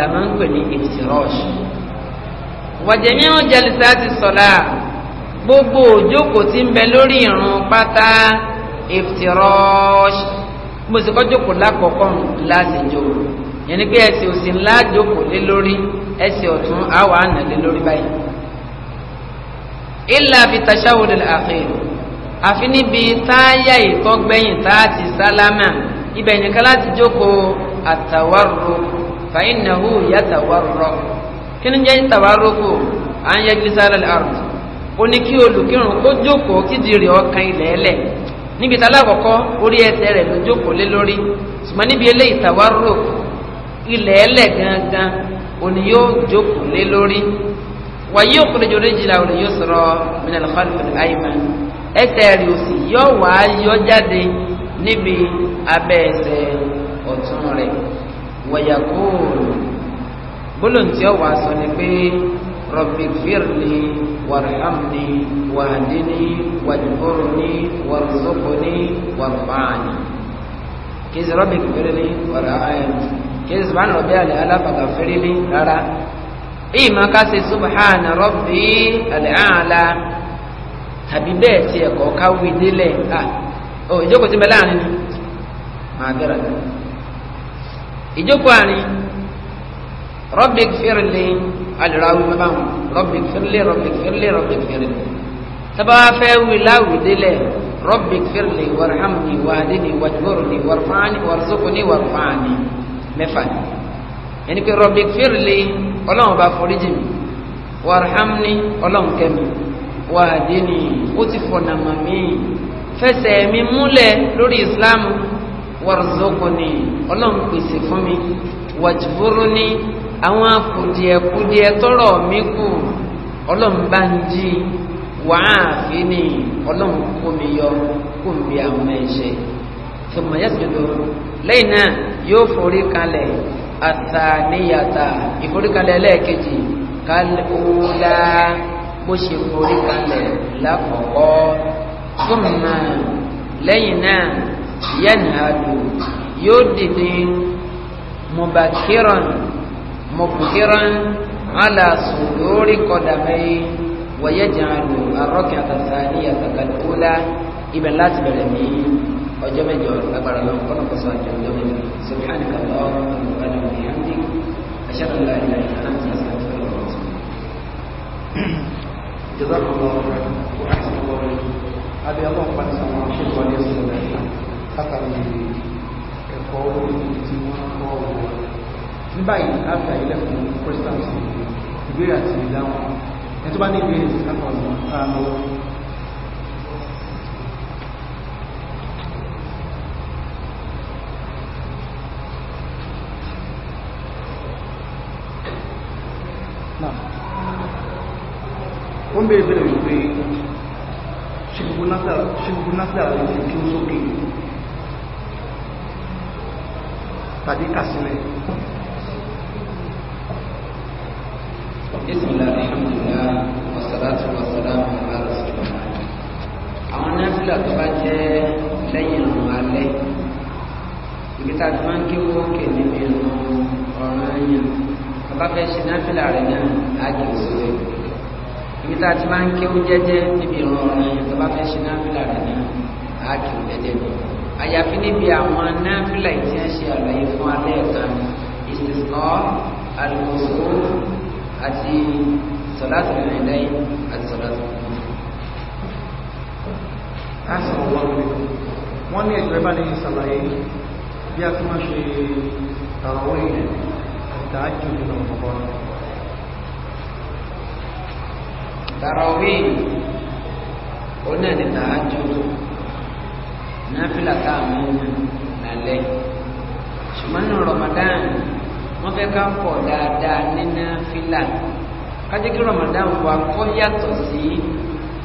la máa ń pè ní iftirash. wa jami'u jalisati salat gbogbo òjókòó ti ń mo sì kọ́jọ́kò lákọ̀ọ́kọ́ láti jò yẹn ni pé ẹsẹ̀ òsì ńlá jókòó lé lórí ẹsẹ̀ ọ̀tún àwọn àna lé lórí báyìí. ìlà fi tashahhud al-akhir àfi níbi táyà ìtọ́gbẹ́yìn tá a ti sálámà ibẹ̀ nìkan láti jókòó àtàwárò fa innahu yàtàwárò kí ni jẹ́ ìtàwárò kù à ń yẹ gírísà lọ́lẹ́ àrùn ó ní kí olùkírun kó jókòó kídìrì ọkàn ilẹ̀ ẹlẹ́ níbi tá alákọ̀ọ́kọ́ orí ẹsẹ̀ rẹ̀ ló jókòó lé lórí ṣùgbọ́n níbi eléyìí tàwárò ilẹ̀ ẹlẹ̀ gangan òní yóò jókòó lé lórí wàyí òkúrẹ́jọ rẹ́jìlá òní yóò sọ̀rọ̀ minal khalfil ayman ẹsẹ̀ rẹ̀ òsì yóò wá yọ jáde níbi abẹ́ ẹsẹ̀ ọ̀tún rẹ̀ wọ̀yàkóòrò gbólóhùn tí ó wàá sọ ni pé. رب اغفر لي وارحمني واهدني واجبرني وارزقني وارفعني كيز رب اغفر لي وارحمني كيز سبحان ربي الا فاغفر لي رارا إما كاسي سبحان ربي الأعلى tàbí bẹ́ẹ̀ tí ẹ̀kọ́ káwé délẹ̀ à ọ ìjókòó ti bẹ láàrin ni máa bẹ̀rẹ̀ lọ. ìjókòó àárín rọ́bìk fẹ́rẹ̀lẹ́ alìrawi bàbá wọn rọ́bì fírlẹ̀ rọ́bì fírlẹ̀ rọ́bì fírlẹ̀ sábà fẹ́ wí láwùdílẹ̀ rọ́bì fírlẹ̀ wàrhamni wàdíni wàjúwòrìní wàrfàání wàrúsókòní wàrfàání mẹ́fà ni ẹni pé rọ́bì fírlẹ̀ ọlọ́run bá foríjì mi wàrhamni ọlọ́run kẹ́mi wàdíni ó ti fọ̀nà màmí fẹsẹ̀ mi múlẹ̀ lórí ìsìlámù wàrúsókòní ọlọ́run pèsè fún mi wàjúwòrìní àwọn kùdìẹ̀kùdìẹ̀ tọrọ mi kù ọlọ́run bá ń jí wàá fi ni ọlọ́run kó mi yọ kó mi bí àwọn ẹ̀ṣẹ̀ tòmọ̀ yàtọ̀ lẹ́yìn náà yóò forí kalẹ̀ àtàníyàtà ìforíkalẹ̀ ẹlẹ́ẹ̀kejì kálíkúlá bó ṣe forí kalẹ̀ lákọ̀ọ́kọ́ tòmọ̀ lẹ́yìn náà yẹn àdùn yóò dìde mọ̀bàkírọ̀nù. مبكرا على صدور قدميه ويجعل الركعة الثانية كالأولى إبن لا تبلمي وجمع جور أبر الله قال قصة جمع سبحانك اللهم ربنا وبحمدك أشهد أن لا إله إلا أنت أستغفرك وأتوب جزاكم الله خيرا وأحسن الله إليكم أبي الله قد سمع شيخ ولي السلام حتى من القول التي ما قالوا ní báyìí after eleven questions ìbéèrè àti ìdáhùn ẹ tó bá ní ìbéèrè sí káfọ́ ọ̀nà ó ń bèèrè bèèrè wípé ṣíkúkú násílẹ̀ àwọn ìlú kí ó sókè tàbí kàsílẹ̀ bisimilahi alhamdulilah wasalaatu wasalaamu ala rasulillah àwọn náfìlà tó bá jẹ́ lẹ́yìn ìrun alẹ́ ibi tá a ti máa ń kí owó kè níbi ìrun ọ̀ràn yẹn bàbá fẹ́ ṣe náfìlà rẹ̀ náà á jẹ́ òṣèré ibi tá a ti máa ń kí owó jẹ́jẹ́ níbi ìrun ọ̀ràn yẹn àti sọ̀láàtù rẹ̀ lẹ́yìn àti sọ̀láàtù wọ́n ní ẹ̀jọ́ ẹbá ní ìsàlàyé bí a tún máa ṣe tàwọn èèyàn ìdájú nínú ọ̀pọ̀ tàràwí oní ẹni tàájú náà fìlà táàmù lálẹ́ ṣùgbọ́n ní Ramadan wọ́n fẹ́ ká pọ̀ dáadáa nínú fílà kájẹ́ kí Ramadan wa kọ́ yàtọ̀ sí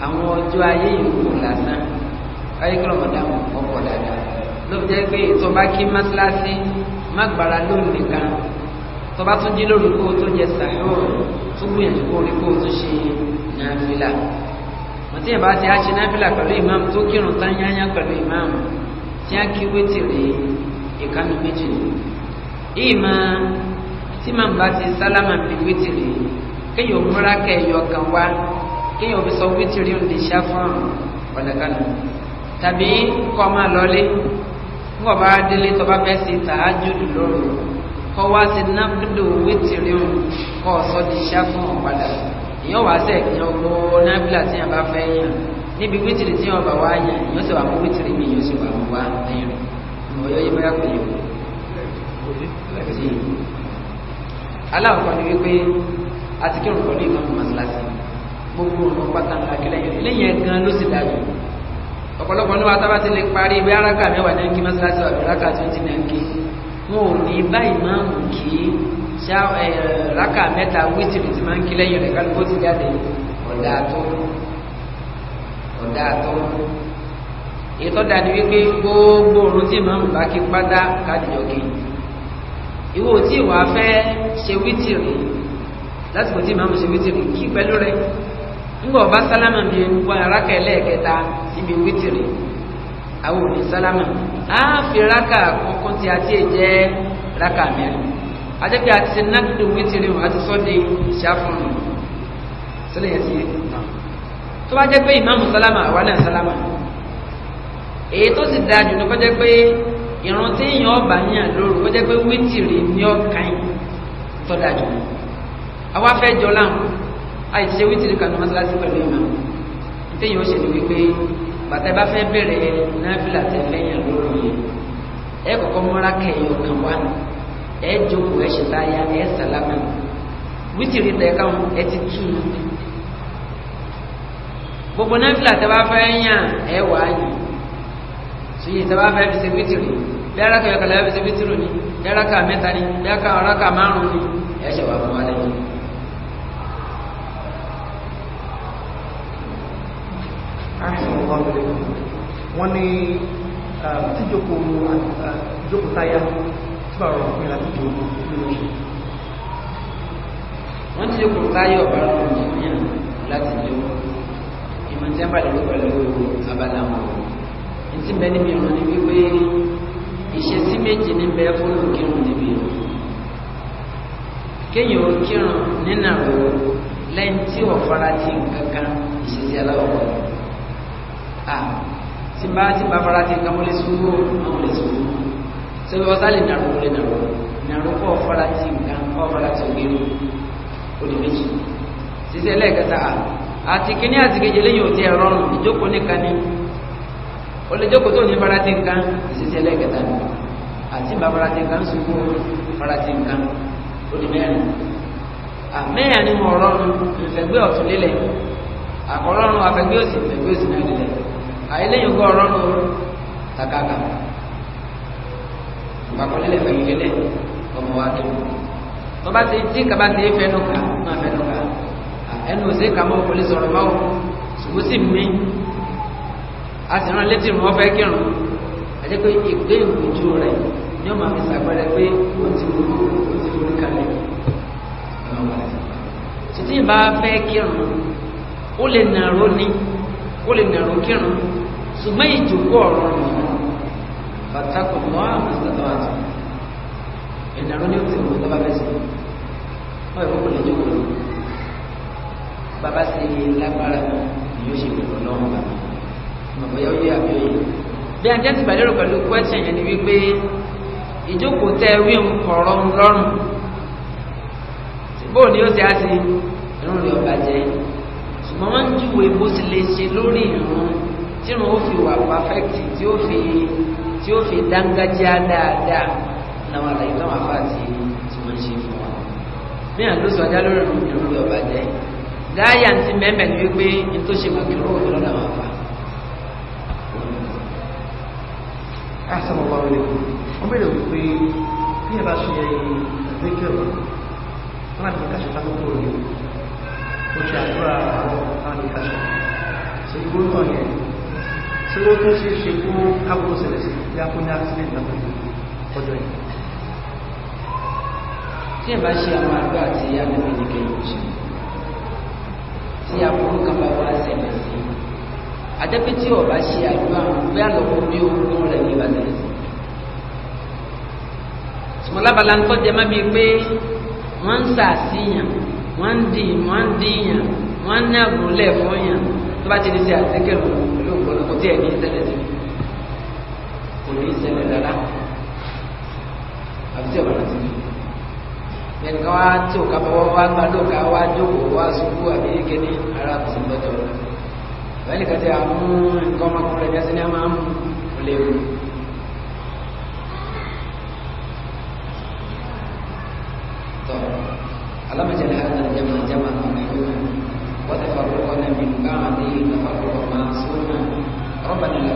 àwọn ọjọ́ ayé yòókù lásán kájẹ́ kí Ramadan wa kọ́ pọ̀ dáadáa ló fi jẹ́ pé tó bá kí mọ́sálásí má gbára lónìí nìkan tó bá tún jí lóru kó tó jẹ sàhóòrò tó gbìyànjú kó rí kó tó ṣe náà fílà wọ́n tí yẹn bá ti á ṣe náfìlà pẹ̀lú ìmáàmù tó kírun tán yányá pẹ̀lú ìmáàmù tí á kí wétìrì ìkánu méjì nìyí ìmọ̀ tí màmú bá ti sálámà bí wítìrì kéèyàn múra kẹyọ kan wá kéèyàn fi sọ wítìrì ń lè ṣá fún ọ̀lẹ́kànnà tàbí kọ́ máa lọlé ńgbọ̀ bá délé tó bá fẹ́ sí tàájú lóru kọ́ wá sí nábìdò wítìrì ń kọ́ ọ̀sọ́ di ṣá fún ọ̀padà èèyàn wá sẹ̀ èèyàn gbọ́ nábìlà tí yàn bá fẹ́ yàn níbi wítìrì tí yàn bá wá yàn èèyàn sì wà mú wítìrì mi èèyàn sì wà mú wá lẹ́yìn rẹ̀ ọ̀yọ́ yìí bá yà pẹ̀lú sí i aláwọ̀kọ́ ni wípé àti kírun pẹ̀lú ìmọ̀mù mọ́sálásí gbogbo ọ̀nà pátá ńlá kílẹ̀ yẹn lẹ́yìn ẹ̀gan ló sì dájú ọ̀pọ̀lọpọ̀ nípa tá a bá ti lè parí bí aráka mẹ́wàá náà ń kí mọ́sálásí àbí aráka twenty náà ń kí wọn ò ní báyìí máa ń kí ráka mẹ́ta wítìrì ti máa ń kí lẹ́yìn rẹ̀ kálukó ti jáde ọ̀dà tó ọ̀dà tó ètò dàdí wípé gbogbo òrùn tí ìmọ̀mù bá kí pátá káàdì jọ ìwọ tí ìwà fẹ́ ṣe wítìrì lásìkò tí màmú ṣe wítìrì kí pẹ̀lú rẹ ńgbà ọba sálámà mi wọ arákà ẹlẹ́ẹ̀kẹta níbi wítìrì àwọn òní sálámà á fi rákà kankan tí a ti jẹ́ rákà mẹ́rin ajẹ́pẹ́ àti nàkùdù wítìrì wọn àti sọ́dẹ̀ ṣàfùnù sílẹ̀ yẹn sí tó bá jẹ́ pé ìmáàmù sálámà àwa náà sálámà èyí tó sì dáa jù ní kọjá pé ìrun tí èèyàn ọba yàn lóru ó jẹ́ pé wítìrì ní ọ̀kan yìí tọ́da jù lọ àwa fẹ́ jọ láwọn àìsí ṣe wítìrì kan ní mọ́ṣáláṣí pẹ̀lú ìmọ̀ téèyàn ó ṣe ni wípé bàtà bá fẹ́ bẹ̀rẹ̀ náfìlà tẹ̀ fẹ́yàn lóru yẹn ẹ kọ́kọ́ mọ́ra kẹyìn ọ̀kan wà ní ẹ jókòó ẹ ṣe táyà ẹ sàlámà wítìrì tẹ̀ káwọn ẹ ti tù ú gbogbo náfìlà tẹ̀ bá fẹ́ yàn ẹ wà á sùn yìí tẹ́wọ́ fẹ́ fi ṣe wítìrì bí araka yọ̀ọ̀kan lẹ́yìn fi ṣe wítìrì ni bí araka mẹ́ta ni bí araka márùn-ún ni ẹ̀ ṣe wà fún wa lẹ́yìn. wọ́n ní tíjókòó jókòó táyà tí bá rọrùn fún ìlànà ìjókòó nínú ṣe wọ́n ti jókòó táyà ọ̀bá rọrùn jẹ̀míà láti jókòó ìmọ̀ tí a bá lè pẹ̀lú abala wọn ntí bẹ́ẹ̀ níbi ìrún ni wípé ìṣesí méjì ní bẹ́ẹ̀ fún òkèrún níbi ìrún kéèyàn òkèrún nínà wò lẹ́yìn tí ò fara ti kankan ìṣesí aláwọ̀ à tí bá ti bá fara ti kankan mo lè sùúrù àwọn lè sùúrù sọ́bí wọ́n sálẹ̀ nàró lè nàró nàró kọ́ fara ti nǹkan kọ́ fara ti òkèrún òdì méjì sísẹ́ lẹ́ẹ̀kẹta àti kíní àti kejì lẹ́yìn òtí ẹ̀rọ̀rùn ìjókòó nìkan o lè jókòó tó ní farati nǹkan ìṣiṣẹ́ ẹlẹ́kẹta ni àti bá farati nǹkan ṣubú farati nǹkan ó di mẹ́rin àmẹ́yà ni mo rọrùn ìfẹ̀gbẹ́ ọ̀tún lílẹ̀ àkọ́rọ́rùn afẹ́gbẹ́ òsì ìfẹ̀gbẹ́ òsì náà lílẹ̀ àìlẹ́yìn kọ́ ọ̀rọ̀rùn takaka ìpàkọ́ lílẹ̀ fẹ̀yìn lílẹ̀ ọmọ wa tó tó bá ti dín kaba ti fẹ́nu ká máa fẹ́nu ká ẹnu òsè kà mọ́ polisi ọ̀rọ̀ máa wò ṣùgbọ́n sì mí a sì rán létí ìrún ọfẹ kírun àti pé ìgbé ìgbìjú rẹ ni ó máa fi ṣàpẹẹrẹ pé ó ti forí ó ti forí kalẹ̀ títí ìbá fẹ́ kírun ó lè nàró ní ó lè nàró kírun ṣùgbọ́n ìjòkó ọ̀rọ̀ nìyẹn bàtàkùn mọ́ àwọn ìsọ̀tọ̀ àti ìnàró ní ó ti mú tọ́ba bẹ́sẹ̀ wọ́n ìfowópamọ́ lè jókòó lọ bàbá sì lágbára yóò ṣe pẹ̀lú ọlọ́run bàbá bóyá ó yé àbí òye bí a jẹ́ ti bàlérò pẹ̀lú question yẹn ni wípé ìjókòó tẹ wí ń kọ̀rọ̀ ń lọ́rùn bó ni ó ti á ti irun rẹ̀ ọba jẹ́ ṣùgbọ́n wọ́n ń júwe bó ti lè ṣe lórí irun tí irun ó fi wà perfect tí ó fi tí ó fi dángájá dáadáa làwọn àlàyé táwọn afáàtì tí wọ́n ṣe fún wa bí àlọ́ sọ ajá lórí irun rẹ̀ ọba jẹ́ gáyà ti mẹ́mẹ́ ni wípé ní tó ṣe màkìrọ̀ òfin lọ́dọ̀ àwọn afáà. Assalamu alaikum wọ́n bèèrè wípé bí ẹ bá ṣe ẹ̀yìn ẹ̀dẹ́kẹ̀rọ wọ́n láti kàṣẹ tábùkù rẹ̀ ó ṣe àdúrà àwọn àmì kàṣẹ ṣe ìgbó náà yẹn tí ó tún ṣe ṣe kó kábùkù ṣẹlẹ̀ sí bí a kó ní accident náà wá ṣẹlẹ̀ sí àjẹpẹ́ tí ọba ṣe àdúrà bí àlọ́kọ́ bí ogun rẹ̀ ní ìbàdàn sùmọ́lábàlá ń tọ́jú ẹ má bíi pé wọ́n ń sàṣìyàn wọ́n ń dì wọ́n ń dìyàn wọ́n ń ní àgùnlẹ̀ fún yàn tó bá ti di sí àtẹ́kẹ̀rù pẹ̀lú ògbọ́n kò tí ẹ̀ ní ìṣẹ̀lẹ̀ sí kò ní ìṣẹ̀lẹ̀ rárá àbí tí ọba rẹ̀ ti ní ẹnìkan wá tí òkà fọwọ́ wá gbádùn ká wá jókòó wá sùkú àbí kéde ara kò sí lọ́jọ́ rẹ̀. lẹ́yìn kata tí a mú nǹkan ọmọkùnrin rẹ̀ gẹ́sí ní a máa mú kò lè wù tọ́ alámọ̀jẹ̀lẹ̀ hàtà jẹ́mà jẹ́mà ọ̀gbẹ̀gbẹ̀ wọ́n ti fà kókó la mi bá wọn ma'ani ìgbàfà kókó máa sóná ربنا لا